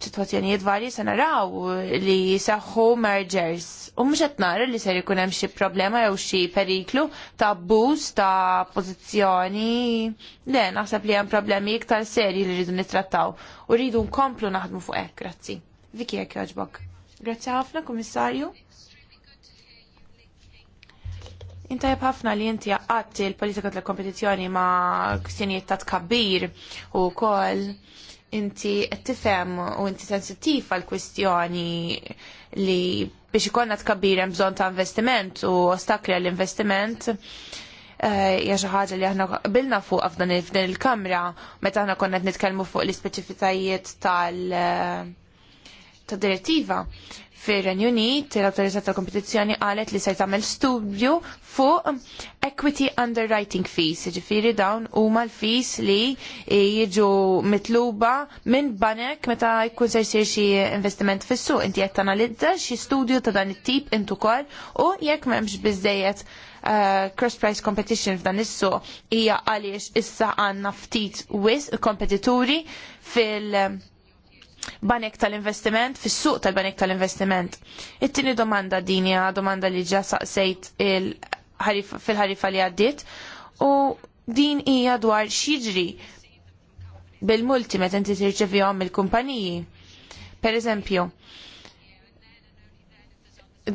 C: situazzjonijiet varji se naraw li saħħu mergers. U mhux qed nara li ser ikun hemm xi problema jew xi periklu ta' abbuż ta' pożizzjoni. Le, naħseb li hemm problemi iktar serji li rridu nittrattaw u rridu nkomplu naħdmu fuq hekk, grazzi. Viki jekk jogħġbok. Grazzi ħafna, Kummissarju. Intajb ħafna li inti għatti l-politika tal-kompetizjoni ma' kwistjonijiet ta' tkabbir u koll inti qed tifhem u inti sensittiv għal kwistjoni li biex ikonna tkabbir hemm bżonn ta' investiment u ostakli għall investiment eh, hija xi ħaġa li aħna qabilna fuq f'dan il-kamra meta aħna konna qed nitkellmu fuq l-ispeċifitajiet tal eh, direttiva. Fir-Renju Unit, l-Autorità tal-Kompetizzjoni qalet li se tagħmel studju fuq equity underwriting fees, ġifiri dawn huma l-fees li jiġu mitluba minn banek meta jkun se jsir xi investiment fis-suq. Inti qed tanalizza xi studju ta' dan it-tip int ukoll u jekk m'hemmx biżejjed Uh, cross price competition f'dan is-suq hija għaliex issa għandna ftit wis kompetituri fil- banek tal-investiment, fis-suq tal-banek tal-investiment. it tini domanda din hija domanda li ġa saqsejt fil-ħarifa li għaddiet u din hija dwar xiġri bil-multi meta inti tirċevihom mill-kumpaniji. Per eżempju,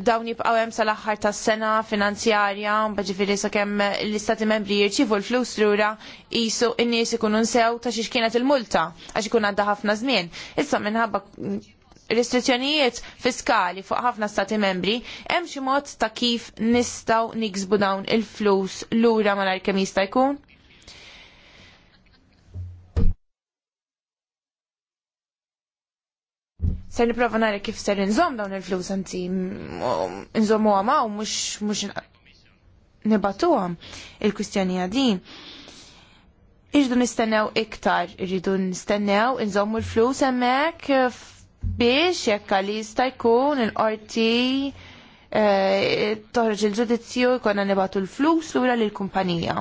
C: dawn bqaw hemm sal-aħħar tas-sena finanzjarja mbagħad ġifieri sakemm l-istati membri jirċievu l-flus lura qisu n-nies ikunu nsew ta' xiex kienet il-multa għax ikun għadda ħafna żmien. Issa minħabba restrizzjonijiet fiskali fuq ħafna stati membri, hemm xi mod ta' kif nistgħu niksbu dawn il-flus lura malar kemm jista' jkun? ser niprofa nara kif ser nżom dawn il-flus anzi nżommu għama u mux mux nibatu għam il-kustjoni għadin. Iġdu nistennew iktar, iġdu nistennew nżommu l-flus emmek biex jekk għalista jkun il-qorti eh, toħroġ il-ġudizzju jkollna nibatu l-flus lura lill-kumpanija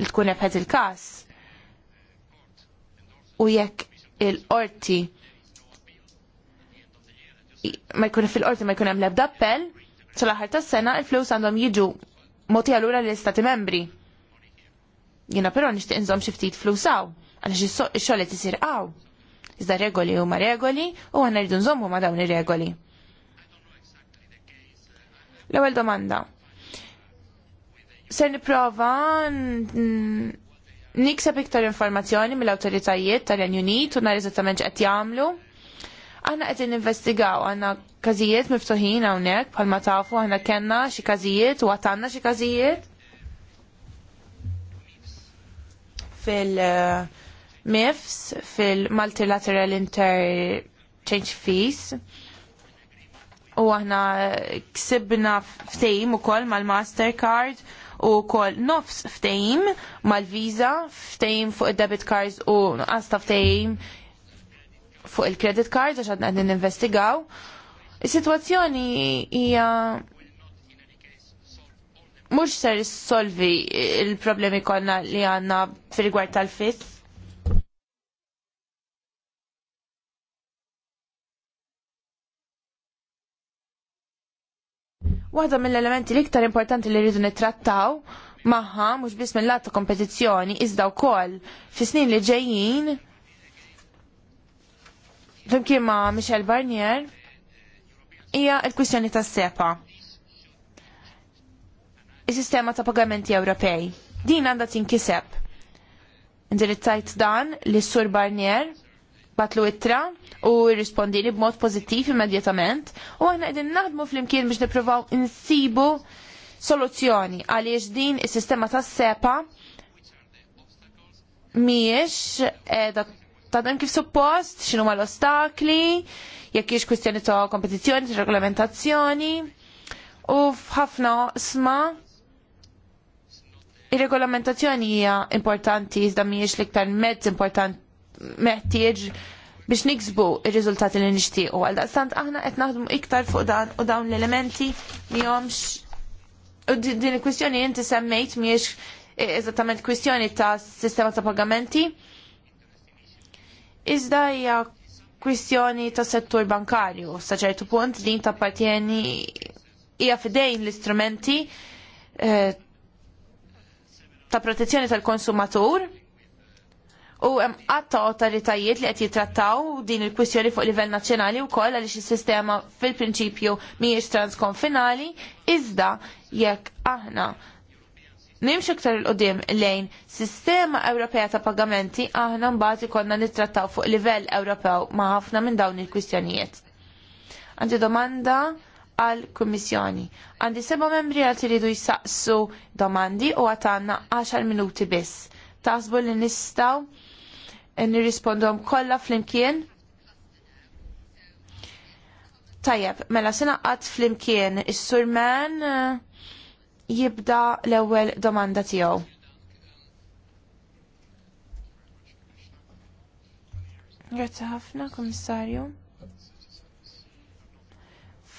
C: li tkun qed il-każ. U jekk il-qorti ma jkun fil-qorti ma jkun hemm l-ebda appell, sal-aħħar tas-sena il-flus għandhom jiġu moti għalura l-istati membri. Jina però nixtieq inżomm xi ftit flusaw għaliex ix-xogħol qed isir qaw. Iżda regoli huma regoli u għandna rridu nżommu ma' dawn ir-regoli. L-ewwel domanda. Ser nipprova nikseb iktar informazzjoni mill-awtoritajiet tal-Renju Unit u nar eżattament x'qed jagħmlu Aħna qed investigaw għandna każijiet miftuħin hawnhekk bħalma tafu aħna kellna xi każijiet u għatanna xi każijiet. Fil-MIFS, fil-Multilateral Interchange Fees, u aħna ksibna ftejim ukoll mal-Mastercard u koll nofs ftejim mal-Visa, ftejim fuq id debit cards u għasta ftejim fuq il-credit card għax għadna għadni investigaw. Is-situazzjoni hija mux ser solvi il-problemi konna li għandna fil gwart tal fis Waħda mill-elementi l-iktar importanti li rridu nittrattaw maħħa mhux biss mill-lat ta' kompetizzjoni iżda wkoll fis-snin li ġejjin flimkien ma' Michel Barnier hija l-kwistjoni tas-sepa. Is-sistema ta' pagamenti Ewropej. Din għandha tinkiseb. Indirizzajt dan lis sur Barnier batlu ittra u rispondili b'mod pozittiv immedjatament u aħna qegħdin naħdmu flimkien biex nippruvaw insibu soluzzjoni għaliex din is-sistema tas-sepa miex edha tadem kif suppost, xinu ma l-ostakli, jekk jiex kwistjoni ta' kompetizjoni, ta' regolamentazzjoni, u f'ħafna sma il-regolamentazzjoni hija importanti, iżda miex l-iktar mezz importanti meħtieġ biex niksbu il-riżultati li nixtiequ. Għal daqstant aħna qed naħdmu iktar fuq dan u dawn l-elementi li jomx u din il-kwistjoni inti semmejt miex eh, eżattament kwistjoni ta' sistema ta' pagamenti iżda hija kwistjoni ta' settur bankarju sa ċertu punt li tappartieni hija fidejn l-istrumenti eh, ta' protezzjoni tal-konsumatur u hemm qatt awtoritajiet li qed jitrattaw din il-kwistjoni fuq livell nazzjonali wkoll għaliex is-sistema fil-prinċipju mhijiex transkonfinali iżda jekk aħna nimx iktar il-qoddim lejn sistema Ewropea ta' pagamenti aħna mbagħad konna nittrattaw fuq livell Ewropew ma' ħafna minn dawn il-kwistjonijiet. Għandi domanda għal kummissjoni Għandi seba membri għal tiridu jisaqsu domandi u għatanna 10 minuti biss. Tasbu li nistaw nirrispondom kollha flimkien. Tajab, mela sinaqqat flimkien is-surman jibda l-ewwel domanda tiegħu. Grazzi ħafna, Komissarju.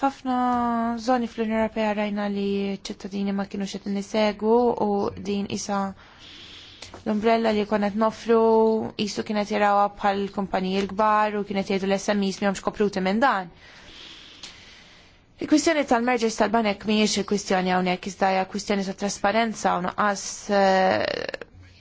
C: F'ħafna żoni fl-Unjoni Ewropea rajna li ċittadini ma kienu qed nisegu u din isa l-umbrella li konet nofru isu kienet jirawa bħal kumpaniji l-kbar u kienet jgħidu l-SMEs mihomx kopruti minn dan. Il-kwistjoni tal-mergers tal-banek miex il-kwistjoni għawnek, iżdaja kwistjoni ta' trasparenza u nuqqas eh,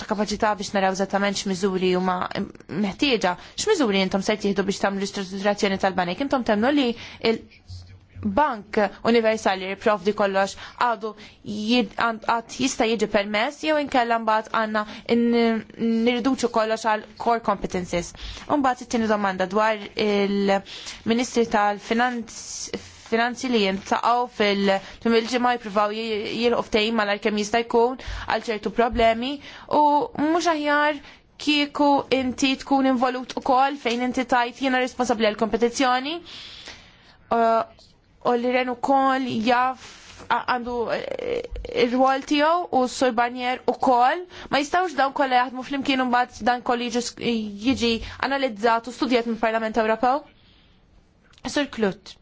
C: ta' kapacità biex naraw eżattament x'miżuri huma meħtieġa, x'miżuri intom se tieħdu biex tagħmlu l-istrutturazzjoni tal-banek, intom temnu li il-Bank Universali riprovdi kollox għadu għad jista' jiġi permess jew inkella mbagħad għandna nirriduċu kollox għal core competencies. Mbagħad it-tieni domanda dwar il-Ministri tal-Finanz finanzi li jintaqaw fil-tum il-ġimgħa jippruvaw jilqu ftehim mal-arkemm jista' jkun għal ċertu problemi u mhux aħjar kieku inti tkun involut ukoll fejn inti tajt jiena responsabbli għal kompetizzjoni u uh, li renu kol jaff għandu eh, eh, il-rwol tiegħu u s sorbanjer u ukoll ma jistgħux dawn kollha jaħdmu flimkien imbagħad dan kol jiġi analizzat u studjat mill-Parlament Ewropew. Sur Klut.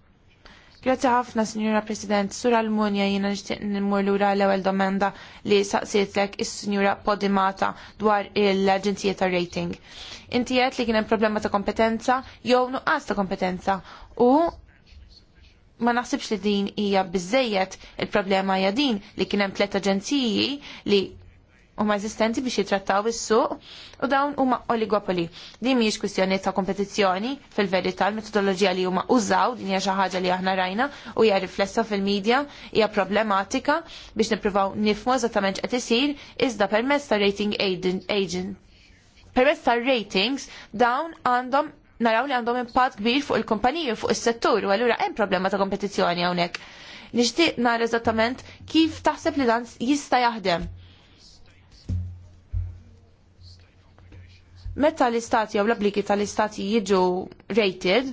C: Grazzi ħafna, Signora President. Sur Almunja jina nishtiq nimur lura l-ewel domanda li saqsietlek is-Signora Podimata dwar l-Aġenzija ta' Rating. Inti qed li kien hemm problema ta' kompetenza jew nuqqas ta' kompetenza u ma naħsibx li din hija biżejjed il-problema hija din li kien hemm tliet aġenziji li huma eżistenti biex jitrattaw is-suq u dawn huma oligopoli. Din mhijiex kwistjoni ta' kompetizzjoni fil-verità l-metodoloġija li huma użaw din hija xi ħaġa li aħna rajna u hija riflessa fil-medja hija problematika biex nippruvaw nifmu eżattament qed isir iżda permezz ta' rating agent. Permezz ta' ratings dawn għandhom naraw li għandhom impatt kbir fuq il-kumpaniji fuq is-settur u allura hemm problema ta' kompetizzjoni hawnhekk. Nixtieq nara eżattament kif taħseb li dan jista' jaħdem Meta l-istati jew l-obbligi tal-istati jiġu rated,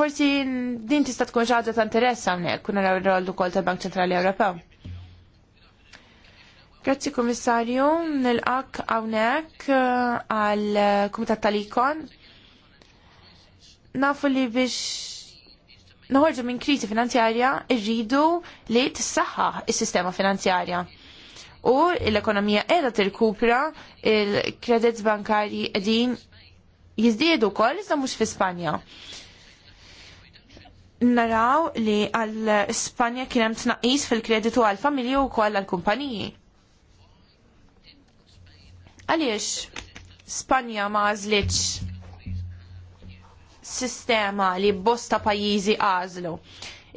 C: forsi din tista' tkun xi ħaġa ta' interess hawnhekk kun naraw ir-rol ukoll tal-Bank Ċentrali Ewropew. Grazzi Kummissarju, nilqak hawnhekk uh, għal uh, Kumitat tal-Ikon. Nafu li biex noħorġu minn kriżi finanzjarja irridu li tissaħħaħ is-sistema finanzjarja u l-ekonomija qiegħda tirkupra il-kredits bankarji qegħdin jizdiedu wkoll iżda mhux fi Spanja naraw li għal Spanja kien hemm tnaqqis fil-kreditu għal familju u kol għal kumpaniji. Għaliex Spanja ma għazliċ sistema li bosta pajjiżi għażlu.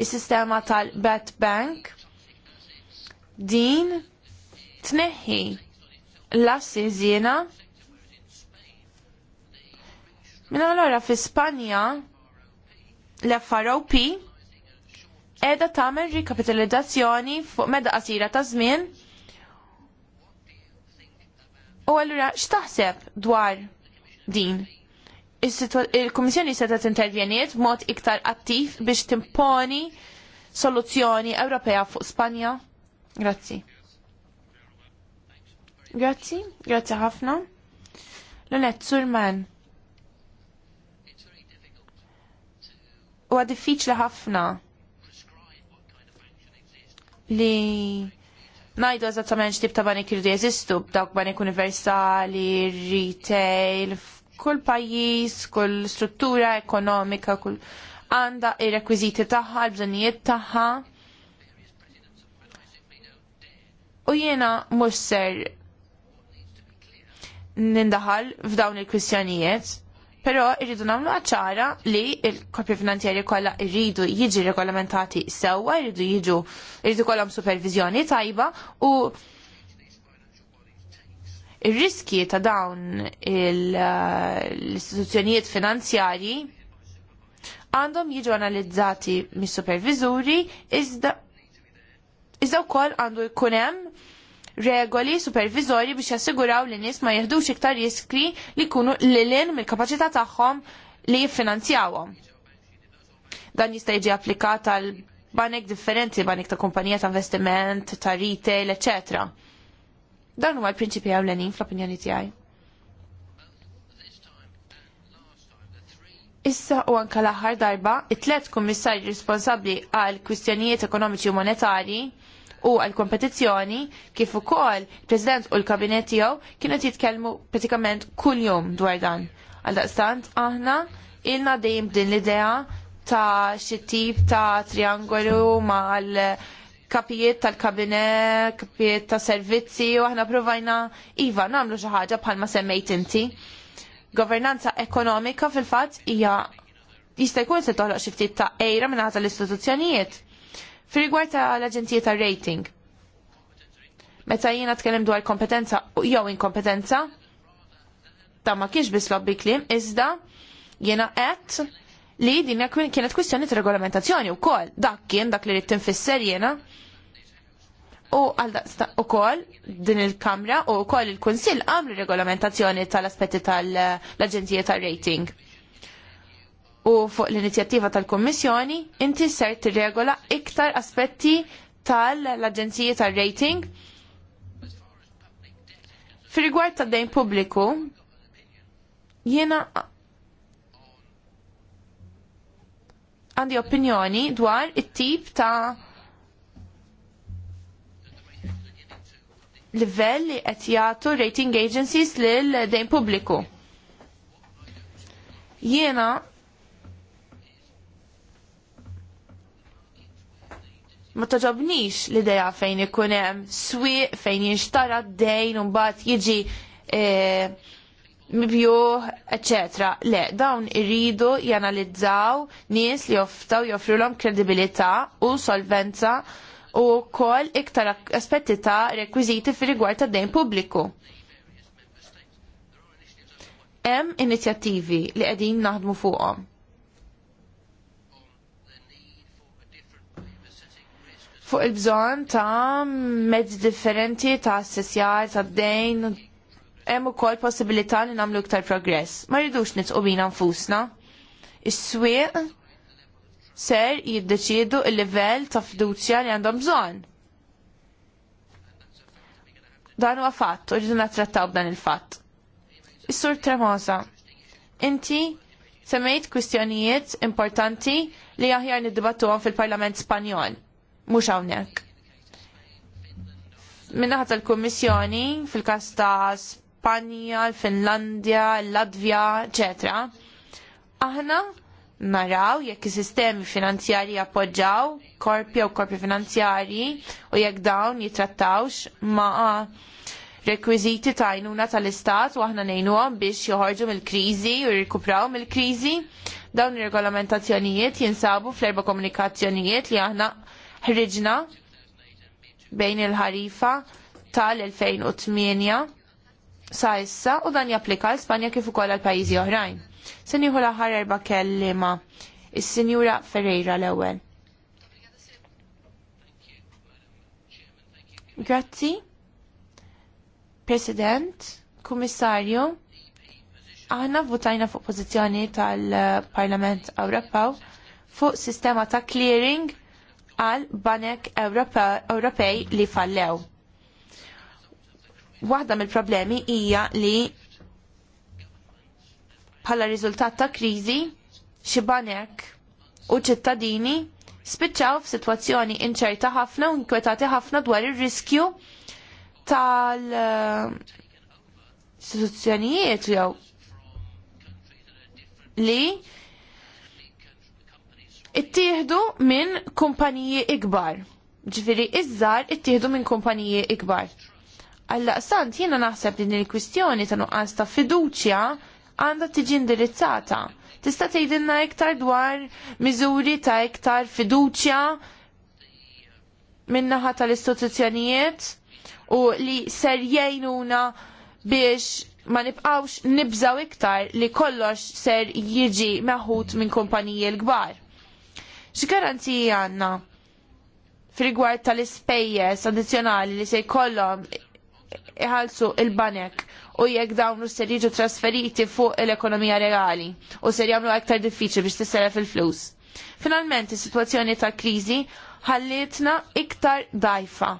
C: Is-sistema tal-Bet Bank din tneħħi l-assi żiena Minn allora fi Spanja l-FROP edha tagħmel rikapitalizzazzjoni fuq meda qasira ta' żmien. U allura x'taħseb dwar din? Il-Kummissjoni seta' ta' intervjeniet b'mod iktar attiv biex timponi soluzzjoni Ewropea fuq Spanja? Grazzi. Grazzi, grazie ħafna. Lunet Surman. Huwa diffiċli ħafna li najdu eżattament x'tib ta' bani irdu jeżistu b'dawk bani universali, retail, kull pajjiż, kull struttura ekonomika, kull għanda ir-rekwiżiti tagħha, l-bżonnijiet tagħha. U jiena musser. ser nindaħal f'dawn il-kwistjonijiet, però irridu nagħmlu ċara li il-korpi finanzjari kollha irridu jiġi regolamentati sewwa, irridu jiġu irridu kollhom supervizjoni tajba u ir-riski ta' dawn l-istituzzjonijiet finanzjari għandhom jiġu analizzati mis-supervizuri iżda iżda wkoll għandu jkun hemm regoli supervizori biex jassiguraw li nies ma jihdux iktar riskri li jkunu lilin mill-kapaċità tagħhom li jiffinanzjawhom. Dan jista' jiġi applikat għal banek differenti, banek ta' kumpanija ta' investiment, ta' retail, etc. Dan huwa l-prinċipi għawlenin fl-opinjoni tiegħi. Issa u anka l-aħħar darba, it-tlet kummissarji responsabbli għal kwistjonijiet ekonomiċi u monetari u għal-kompetizzjoni kif ukoll il-President u l-Kabinet tiegħu kienu jitkellmu pratikament kuljum dwar dan. Għaldaqstant aħna ilna dejjem din l-idea ta' xi tip ta' triangolu mal kapijiet tal-kabinet, kapijiet ta' servizzi u aħna provajna iva nagħmlu xi ħaġa bħalma semmejt inti. Governanza ekonomika fil-fatt hija jista' jkun se toħloq xi ftit ta' ejra minn ħadd l-istituzzjonijiet Fir-rigward ta' l-aġenzija ta' rating, meta jiena tkellem dwar kompetenza jew inkompetenza, ta' ma kienx bis lobby klim, iżda jiena qed li din kienet kwistjoni ta' regolamentazzjoni wkoll. Dak kien dak li rrid tinfisser jiena. U għal kol din il-Kamra u kol il-Kunsill għamlu regolamentazzjoni tal-aspetti tal-Aġenzija tal-Rating u fuq l-inizjattiva tal-Kommissjoni inti ser tirregola iktar aspetti tal-Aġenziji tal-Rating. Fir-rigward tad dejn pubbliku, jiena għandi opinjoni dwar it-tip ta' livell li qed jagħtu rating agencies lil dejn pubbliku. Jiena ma toġobnix l-ideja fejn ikun hemm swieq fejn jinxtara d-dejn un bat jiġi e, mibjuħ, etc. Le, dawn irridu janalizzaw nies li joftaw joffrilhom kredibilità u solvenza u wkoll iktar aspetti ta' rekwiżiti fir-rigward dejn pubbliku hemm inizjattivi li qegħdin naħdmu fuqhom. fuq il-bżonn ta' mezzi differenti ta' assessjar, ta' dejn, hemm ukoll possibilità li nagħmlu iktar progress. Ma rridux nitqu bina nfusna. Is-swieq ser jiddeċiedu il-livell ta' fiduċja li għandhom bżonn. Dan huwa fatt, u rridu nattrattaw b'dan il-fatt. Is-sur Tremosa, inti semmejt kwistjonijiet importanti li aħjar niddibattuhom fil-Parlament Spanjol mhux hawnhekk. Min naħat tal-Kummissjoni fil-każ ta' Spanja, l-Finlandja, l-Latvja, eċetera. Aħna naraw jekk is-sistemi finanzjarji appoġġaw korpi jew korpi finanzjarji u jekk dawn jitrattawx ma' rekwiżiti ta' għajnuna tal-istat u aħna ngħinuhom biex joħorġu mill-kriżi u jirkupraw mill-kriżi. Dawn ir-regolamentazzjonijiet jinsabu fl-erba komunikazzjonijiet li aħna ħriġna bejn il-ħarifa tal-2008 sa issa u dan japplika l Spanja kif ukoll għal pajjiżi oħrajn. Se nieħu l-aħħar erba' kellima is-Sinjura Ferreira l-ewwel. Grazzi. President, Kummissarju, aħna votajna fuq pożizzjoni tal-Parlament Ewropew fuq sistema ta' clearing għal banek Ewropej li fallew. Waħda mill-problemi hija li bħala riżultat ta' kriżi xi banek u ċittadini spiċċaw f'sitwazzjoni inċerta ħafna u nkwetati ħafna dwar ir-riskju tal eh, istituzzjonijiet jew li ittieħdu minn kumpaniji ikbar. Ġifiri, iż-żar ittieħdu minn kumpaniji ikbar. Alla sant jiena naħseb din il-kwistjoni ta' nuqqas ta' fiduċja għandha tiġi indirizzata. Tista' tgħidilna iktar dwar miżuri ta' iktar fiduċja min-naħa tal-istituzzjonijiet u li ser jgħinuna biex ma nibqawx nibżaw iktar li kollox ser jiġi meħud minn kumpaniji l-kbar. Xi garanziji għandna fil-rigward tal-ispejjeż addizzjonali li se jkollhom iħallsu il-banek u jekk dawn ser jiġu trasferiti fuq l-ekonomija reali u ser jagħmlu aktar diffiċli biex tisseref il-flus. Finalment, is-sitwazzjoni ta' kriżi ħallitna iktar dajfa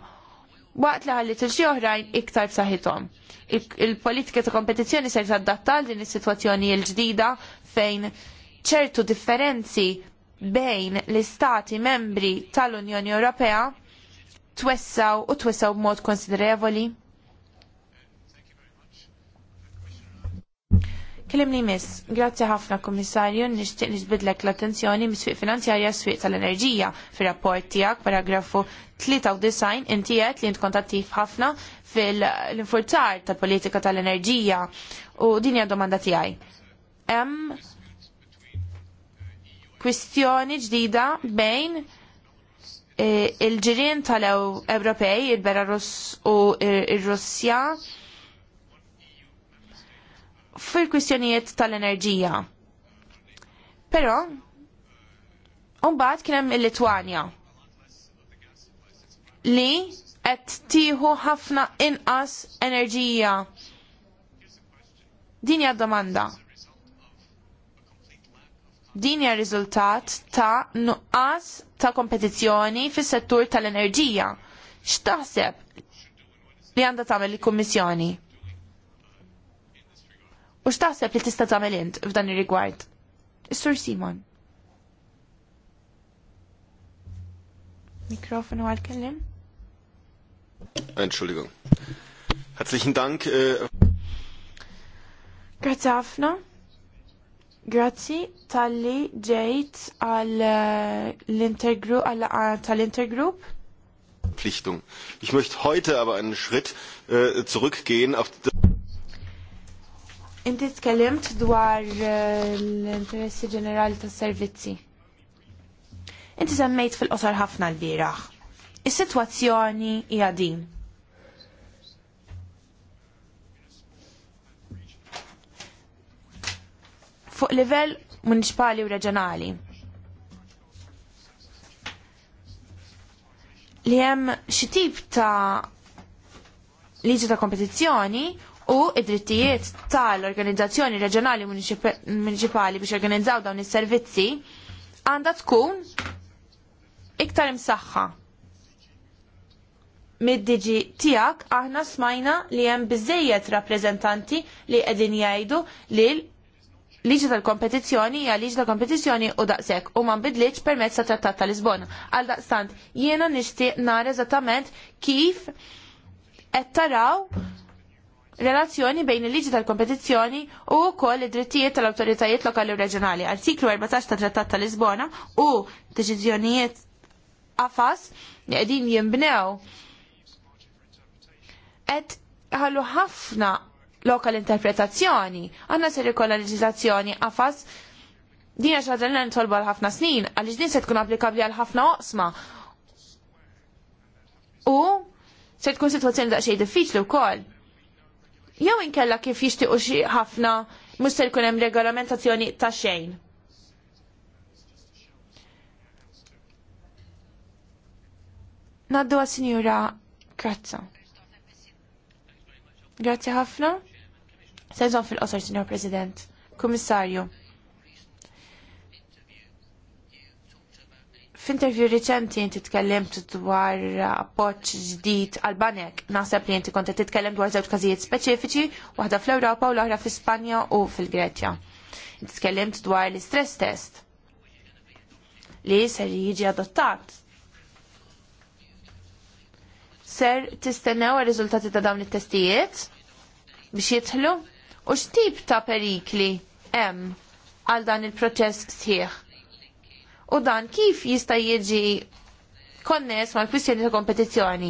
C: waqt li ħallit il oħrajn iktar saħithom. Il-politika ta' kompetizzjoni ser tadatta din is-sitwazzjoni l-ġdida fejn ċertu differenzi bejn l-istati membri tal-Unjoni Ewropea twessaw u twessaw b'mod konsiderevoli? Kelimni miss, grazzi ħafna komissarju, nishtiq nisbidlek l-attenzjoni mis-sfiq finanzjarja s-sfiq tal-enerġija fil-rapport tijak, paragrafu 93, intijet li jint attiv ħafna fil-infurzar tal-politika tal-enerġija u dinja domanda tijaj. Em, kwistjoni ġdida bejn eh, il-ġirien tal-Ewropej, il-Belarus u il-Russja fil-kwistjonijiet tal-enerġija. Però, kien kienem il-Litwanja li qed tieħu ħafna inqas enerġija. Din hija domanda din hija riżultat ta' nuqqas ta' kompetizzjoni fis-settur tal-enerġija. X'taħseb li għandha tagħmel il-Kummissjoni? U x'taħseb li tista' tagħmel int f'dan ir-rigward? Is-Sur Simon. Mikrofonu għal-kellim.
A: Entschuldigung. Herzlichen Dank. Äh,
C: Grazie ħafna. Grazzi tal-li ġejt għall eh, eh, intergroup
A: Verpflichtung. Ich möchte heute aber einen Schritt äh, zurückgehen auf die.
C: Inti tkellimt dwar l-interessi ġenerali ta' servizzi. Inti semmejt fil-qosar ħafna l-biraħ. Is-sitwazzjoni hija din. fuq livell municipali u reġjonali. Li hemm xi tip ta' liġi ta' kompetizzjoni u id-drittijiet tal-organizzazzjoni reġjonali municipali biex organizzaw dawn is-servizzi għandha tkun iktar imsaħħa mid-diġi tijak aħna smajna li hemm biżejjed rappreżentanti li qegħdin jgħidu li liġi tal-kompetizzjoni hija liġi tal-kompetizzjoni u daqshekk u ma nbidlitx permezz ta' Trattat ta' Lisbona. Għal daqstant jiena nixtieq nara eżattament kif qed taraw relazzjoni bejn il-liġi tal-kompetizzjoni u wkoll id-drittijiet tal-awtoritajiet lokali u reġjonali. Artiklu 14 ta' Trattat ta' Lisbona u deċiżjonijiet qafas li qegħdin jinbnew qed ħallu ħafna lokal interpretazzjoni. Għanna ser ikolla leġislazzjoni għafas din għax għadren l-tolba l-ħafna snin, għalix din se tkun applikabli għal-ħafna oqsma. U se tkun situazzjoni daqxej diffiċli wkoll. Jew inkella kif jixtiequ xi ħafna mhux se jkun hemm regolamentazzjoni ta' xejn. Naddu għas-Sinjura Krazza. Grazzi ħafna. Sezon fil-qosor, Signor President. Kummissarju. F'intervju riċenti inti tkellimt dwar appoġġ ġdid għal banek. Naħseb li inti kont titkellem dwar żewġ każijiet speċifiċi, waħda fl-Ewropa u l-oħra fl-Ispanja u fil-Greċja. Inti tkellimt dwar l-istress test li ser jiġi adottat. Ser tistennew ir-riżultati ta' dawn it-testijiet biex jidħlu? U x'tip ta' perikli hemm għal dan il-proċess sħiħ? U dan kif jista' jiġi konness mal-kwistjoni ta' kompetizzjoni?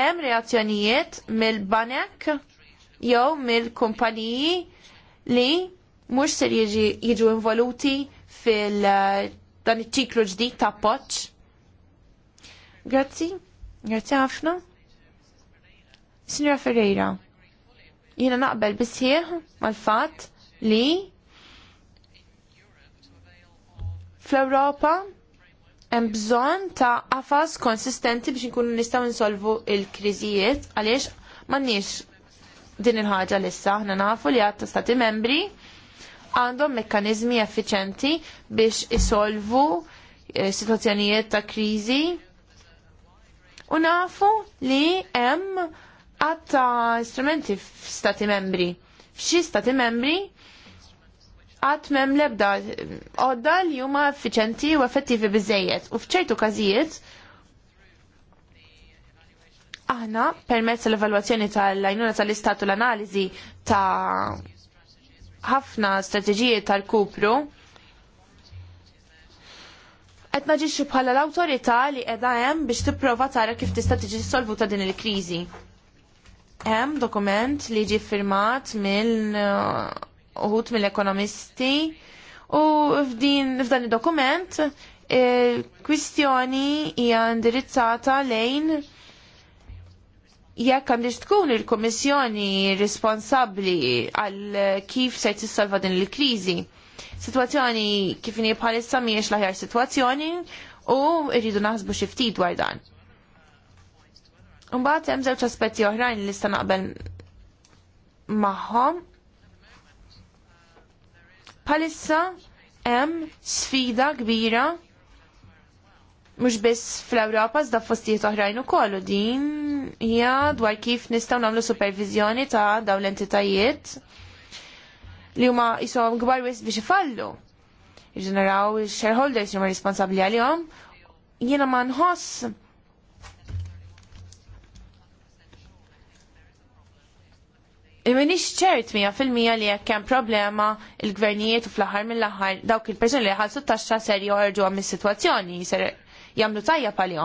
C: Hemm reazzjonijiet mill-banek jew mill-kumpaniji li mhux ser jiġu involuti fil- eh, dan iċ-ċiklu ġdid ta' poċ. Grazzi, grazzi ħafna. Signora Ferreira. Jiena naqbel bisħieħ mal-fatt li fl-Ewropa hemm bżonn ta' qafas konsistenti biex inkunu nistgħu nsolvu l-kriżijiet għaliex m'għandniex din il-ħaġa lissa aħna nafu li għatta stati membri għandhom mekkaniżmi effiċenti biex isolvu eh, situazzjonijiet ta' kriżi u nafu li hemm għatta f-stati membri. F-xi stati membri għat mem lebda għodda li huma effiċenti u effettivi bizzejiet. U fċertu kazijiet, aħna permezz l evaluazzjoni tal-għajnuna tal istatu l-analizi ta' ħafna strategijiet tal-kupru, qed naġixxi bħala l autorita li qiegħda hemm biex tipprova tara kif tista' tiġi solvuta din il krizi Hemm dokument li ġi firmat mill uh, uħut mill-ekonomisti u f'din f'dan id-dokument il-kwistjoni hija indirizzata lejn jekk għandix tkun il kummissjoni responsabbli għal kif se tissalva din il-kriżi. Situazzjoni kif inhi bħalissa mhijiex l-aħjar situazzjoni u rridu naħsbu xi ftit dwar dan. Mbagħad hemm żewġ aspetti oħrajn li sta naqbel magħhom. Palissa hemm sfida kbira mhux biss fl-Ewropa żda fostijiet oħrajn ukoll u din hija dwar kif nistgħu nagħmlu supervizjoni ta' dawn l-entitajiet li huma jisom kbar wis biex ifallu. Jiġġeneraw il-shareholders li huma responsabbli għalihom. Jiena ma nħoss Imenix ċert mija fil-mija li jekk hemm problema il-gvernijiet u fl-aħħar mill-aħħar dawk il-persuni li ħalsu taċċa serju għarġu għam is-sitwazzjoni ser jagħmlu tajja pal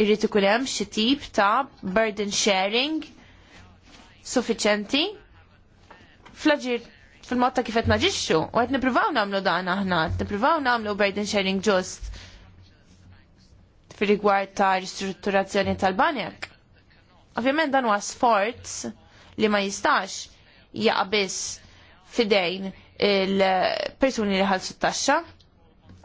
C: Irrid ikun hemm xi tip ta' burden sharing suffiċenti fl-aġir fil motta kifet kif qed naġixxu u qed nippruvaw nagħmlu dan aħna, nippruvaw nagħmlu burden sharing ġust fil rigward ta' ristrutturazzjoni tal-banek. Ovvjament dan huwa sforz li ma jistax jaqbis fidejn il-persuni li ħalsu t-taxxa.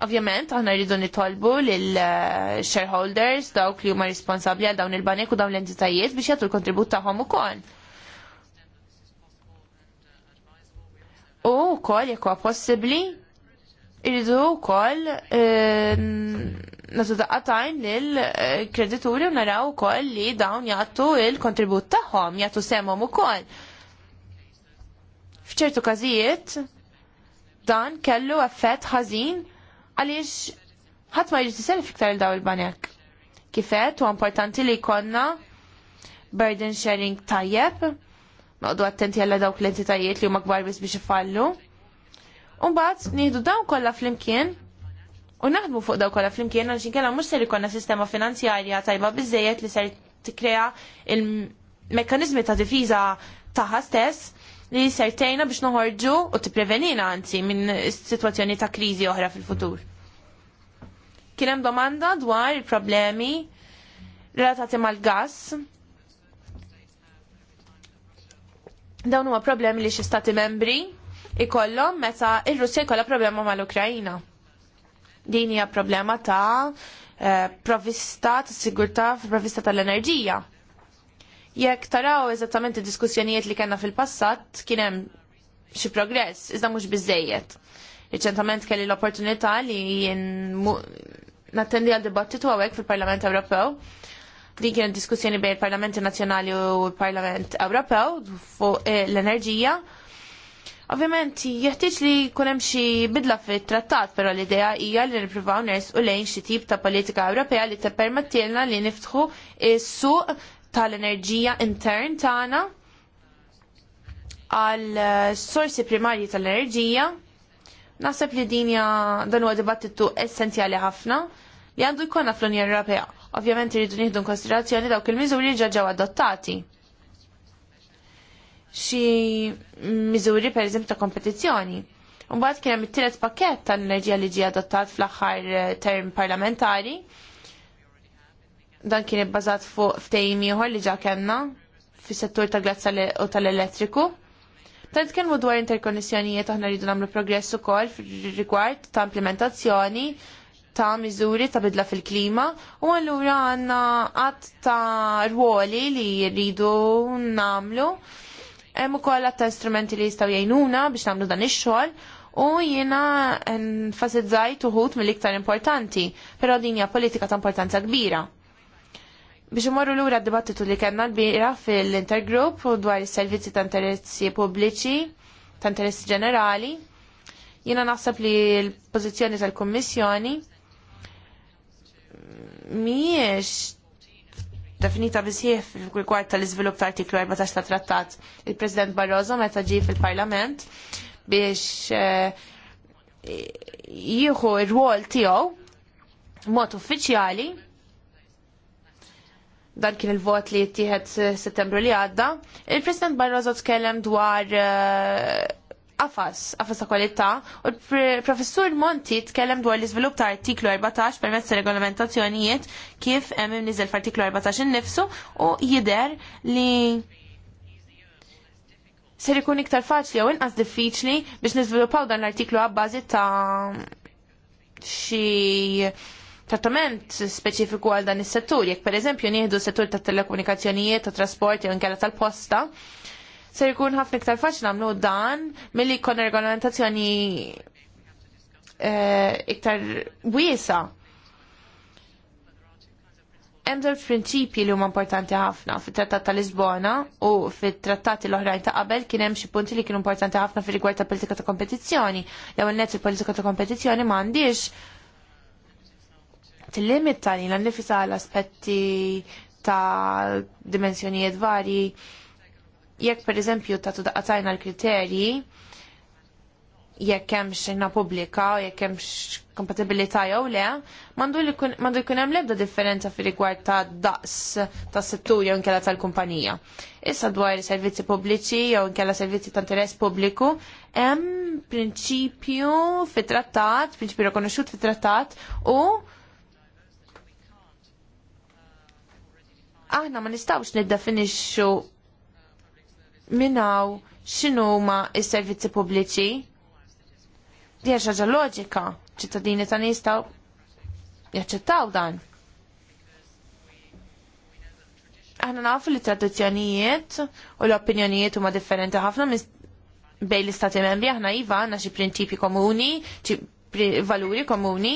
C: Ovvjament, aħna rridu nitolbu lill-shareholders eh, dawk li huma responsabbli għal dawn il-banek u dawn l-entitajiet biex jagħtu l-kontribut tagħhom ukoll. U wkoll jekk huwa possibbli, irridu wkoll ehm, natu daqqatajn l-kredituri eh, u naraw ukoll li dawn jagħtu il-kontribut tagħhom, jagħtu u ukoll. F'ċertu każijiet dan kellu effett ħażin għaliex ħadd ma jiġi tisel fiktar il daw il-banek. Kifet u importanti li jkollna burden sharing tajjeb, noqdu attenti għalla dawk l-entitajiet li huma kbar biss biex ifallu. bat, nieħdu dawn kollha flimkien U naħdmu fuq daw kolla flimkien għal xinkella mux ser ikonna sistema finanzjarja tajba bizzejiet li ser tikrea il mekanizmi ta' difiża taħħa stess li ser tejna biex noħorġu u tipprevenina anzi minn situazzjoni ta' kriżi oħra fil-futur. Kien hemm domanda dwar il-problemi relatati mal-gas. Dawn huwa problemi li xi stati membri ikollhom meta ir-Russja jkollha problema mal ukrajina Din hija problema ta' eh, provvista ta' sigurtà provvista tal-enerġija. Jekk taraw eżattament id-diskussjonijiet li kellna fil-passat kien hemm xi progress, iżda mhux biżejjed. Riċentament kelli l-opportunità li nattendi għal dibattitu għawek fil-Parlament Ewropew Din kienet diskussjoni bejn il-Parlamenti Nazzjonali u l-Parlament Ewropew fuq eh, l-enerġija Ovvjament, jeħtieġ li jkun hemm xi bidla fit-trattat, però l-idea hija li nippruvaw nersqu lejn xi tip ta' politika Ewropea li tippermettilna li niftħu s-suq tal-enerġija intern tagħna għal sorsi primarji tal-enerġija. Naħseb li din dan huwa dibattitu essenzjali ħafna li għandu jkollna fl-Unjoni Ewropea. Ovvjament iridu nieħdu konsiderazzjoni dawk il-miżuri ġa ġew adottati xi miżuri pereżempju ta' kompetizzjoni. Mbagħad kien hemm it-tielet pakkett tal-enerġija li ġie adottat fl-aħħar eh, term parlamentari. Dan kien ibbażat fuq ftehim ieħor li ġa kellna fis-settur tal glazza u tal-elettriku. Tant kelmu dwar interkonnessjonijiet aħna rridu nagħmlu progress ukoll rigward ta' implementazzjoni ta' miżuri ta' bidla fil-klima u allura għandna qatt ta' rwoli li rridu nagħmlu Hemm ukoll ta' strumenti li jistgħu jgħinuna biex nagħmlu dan ix-xogħol u jiena enfasizzajt uħut mill-iktar importanti, però din hija politika ta' importanza kbira. Biex imorru lura d-dibattitu li kellna l-bira fil-intergrupp u dwar is-servizzi ta' interessi pubbliċi, ta' interessi ġenerali, jiena naħseb li l-pożizzjoni tal-Kummissjoni miex definita bisħieħ fil-kwart tal-izvilup ta' artiklu 14 tal trattat il-President Barroso meta ġi fil-Parlament biex eh, jieħu ir-rwol tiegħu mod uffiċjali dan kien il-vot li jittieħed settembru li għadda, il-President Barroso tkellem dwar eh, qafas, qafas ta' kwalità, u l-professur Monti tkellem dwar l-iżvilupp ta' artiklu 14 permezz ta' regolamentazzjonijiet kif hemm niżel f'artiklu 14 innifsu u jidher li ser ikun iktar faċli jew inqas diffiċli biex niżviluppaw dan l-artiklu għabbażi ta' xi trattament speċifiku għal dan is-settur, jekk pereżempju nieħdu settur tat telekomunikazzjonijiet, tat trasport jew inkella tal-posta, ser jkun ħafna iktar faċli nagħmlu dan milli jkun regolamentazzjoni eh, iktar wiesa. Hemm żewġ prinċipji li huma importanti ħafna fit-Trattat ta' Lisbona u fit-trattati l-oħrajn ta' qabel kien hemm xi punti li kienu importanti ħafna fir-rigward ta' politika ta' kompetizzjoni. jew il nett il-politika ta' kompetizzjoni m'għandix tillimit tal-nifisa l-aspetti ta' dimensjonijiet varji jekk per eżempju ta' tudaqatajna l-kriterji, jekk hemm xejna pubblika, jekk hemm kompatibilità jew le, mandu jkun hemm l-ebda differenza fi rigward ta' daqs ta' settur jew inkella tal-kumpanija. Issa dwar servizzi pubbliċi jew inkella servizzi ta' interess pubbliku, hemm prinċipju fi trattat prinċipju rikonoxxut fi trattat u aħna ma nistawx niddefinixxu minnaw x'inhuma s-servizzi pubbliċi. Di ħaġa loġika, ċittadini ta' nistaw jaċċettaw dan. Aħna nafu li tradizzjonijiet u l-opinjonijiet huma differenti ħafna bej l-istati membri, aħna iva għandna xi prinċipji komuni, xi valuri komuni.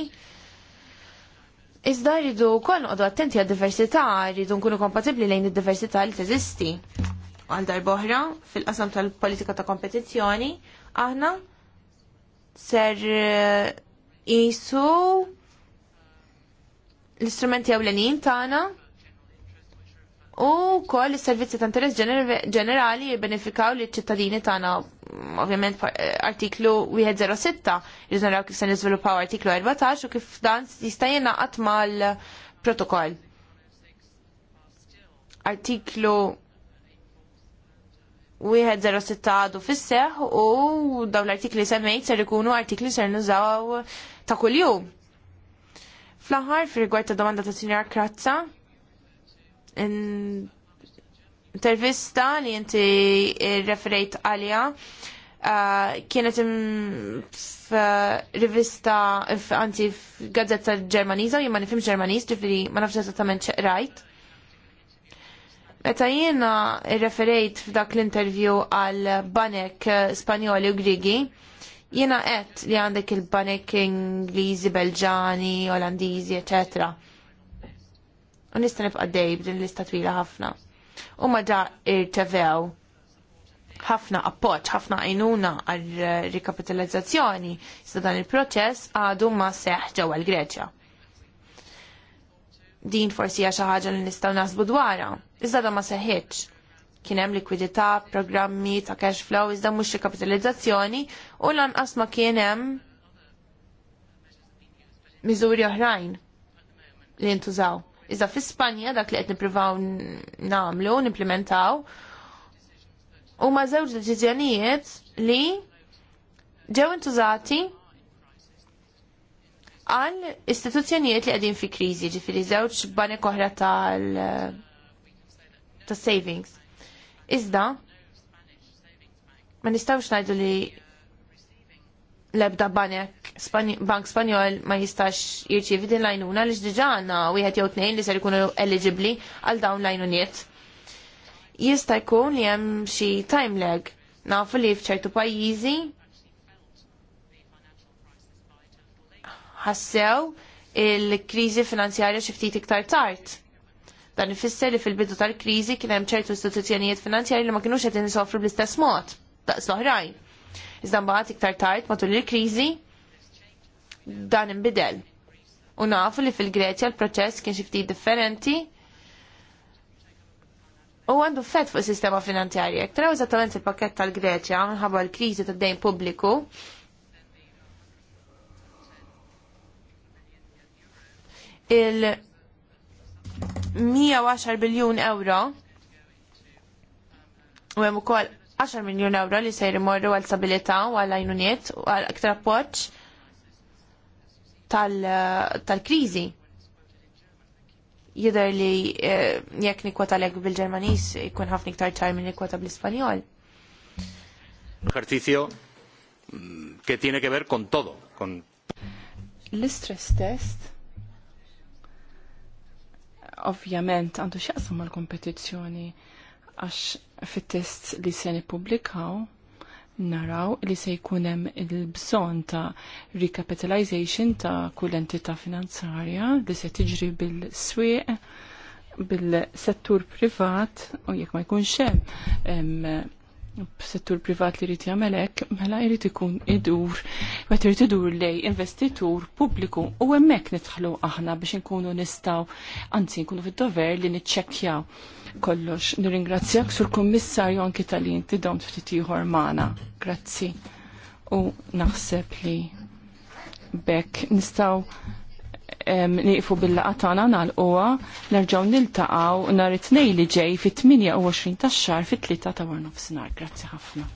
C: Iżda rridu wkoll noqogħdu attenti għad-diversità, rridu nkunu kompatibbli lejn id-diversità li teżisti għal darboħra fil-qasam tal-politika ta' kompetizzjoni, aħna ser eh, isu l-istrumenti għawlenin tagħna u kol is-servizzi ta' interess ġenerali jibbenefikaw li ċittadini tagħna mm, ovvjament eh, artiklu 106 jiżnaraw kif se niżviluppaw artiklu 14 u kif dan jista' jingħaqad mal-protokoll. Artiklu 106 għadu fisseħ u dawn l-artikli semmejt ser ikunu artikli ser nużaw ta' kuljum. Fl-aħħar fi rigward ta' domanda ta' Sinjar Krazza, intervista li inti referejt għalija uh, kienet f-rivista, anzi f-gazzetta ġermaniza, jimma nifim ġermaniz, ġifiri ma nafx esattament rajt Meta jiena referejt f'dak l-intervju għal banek eh, Spanjoli u Grigi, jiena qed li għandek il-banek Ingliżi, Belġani, Olandiżi, ecc. U nista' nibqa' dej b'din lista twila ħafna. U ma da irtevew ħafna appoġġ, ħafna għajnuna għal eh, rikapitalizzazzjoni, sa' dan il-proċess għadu ma seħ ġewwa l-Greċja din forsi hija xi ħaġa li nistgħu nasbu dwarha. Iżda da ma seħħieċ. Kien hemm likwidità, programmi ta' cash flow iżda mhux kapitalizzazzjoni u lanqas ma kien hemm miżuri oħrajn li ntużaw. Iżda fi Spanja dak li qed nippruvaw nagħmlu, nimplementaw, huma żewġ deċiżjonijiet li ġew intużati għal istituzzjonijiet li għedin fi krizi, ġifiri zewċ banek oħra tal ta' savings. Iżda, ma nistawx najdu li lebda banek, bank spanjol ma jistax jirċivi din lajnuna li ġdiġa għanna u jħet jew tnejn li ser ikunu eligibli għal dawn lajnuniet. Jista' jkun li hemm xi time lag. Nafu li f'ċertu pajjiżi ħassew il-kriżi finanzjarja xi ftit iktar tard. Dan ifisser li fil-bidu tal-kriżi kien hemm ċertu istituzzjonijiet finanzjarji li ma kinux qed insofru bl-istess mod daqs l-oħrajn. Iżda mbagħad iktar tard matul il-kriżi dan inbidel. U nafu li fil-Greċja l-proċess kien xi ftit differenti u għandu fett fuq sistema finanzjarja. Traw eżattament il-pakket tal-Greċja minħabba l-kriżi tad-dejn pubbliku il-110 biljun euro u hemm ukoll 10 miljun euro li se jmorru għal stabilità u għal għajnuniet u għal aktar appoġġ tal-kriżi. Jidher li eh, jekk nikwota lek bil-Ġermaniż ikun ħafna iktar ċar minn nikwota bl-Ispanjol.
B: Ejercicio que tiene que ver con todo. Con...
A: L-stress test ovvjament għandu x'jaqsam mal-kompetizzjoni għax fit-test li se nippubblikaw naraw li se jkun hemm il-bżonn ta' recapitalization ta' kull entità finanzarja li se tiġri bil-swieq bil-settur privat u jekk ma jkunx hemm b'settur privat li jrid jagħmel hekk, mela jrid ikun idur, meta irid idur lej investitur pubbliku u hemmhekk nidħlu aħna biex inkunu nistgħu anzi nkunu fid-dover li niċċekkjaw kollox. Nirringrazzjak sur kummissarju anki tal-li inti ftit ieħor magħna. Grazzi. U naħseb li bekk nistgħu niqfu bil-laqatana tagħna nalquha nerġaw niltaqgħu nhar it tnejn li ġej fit-28 tax-xar fit tlieta ta' warnofsinhar. nofsinhar. Grazzi ħafna.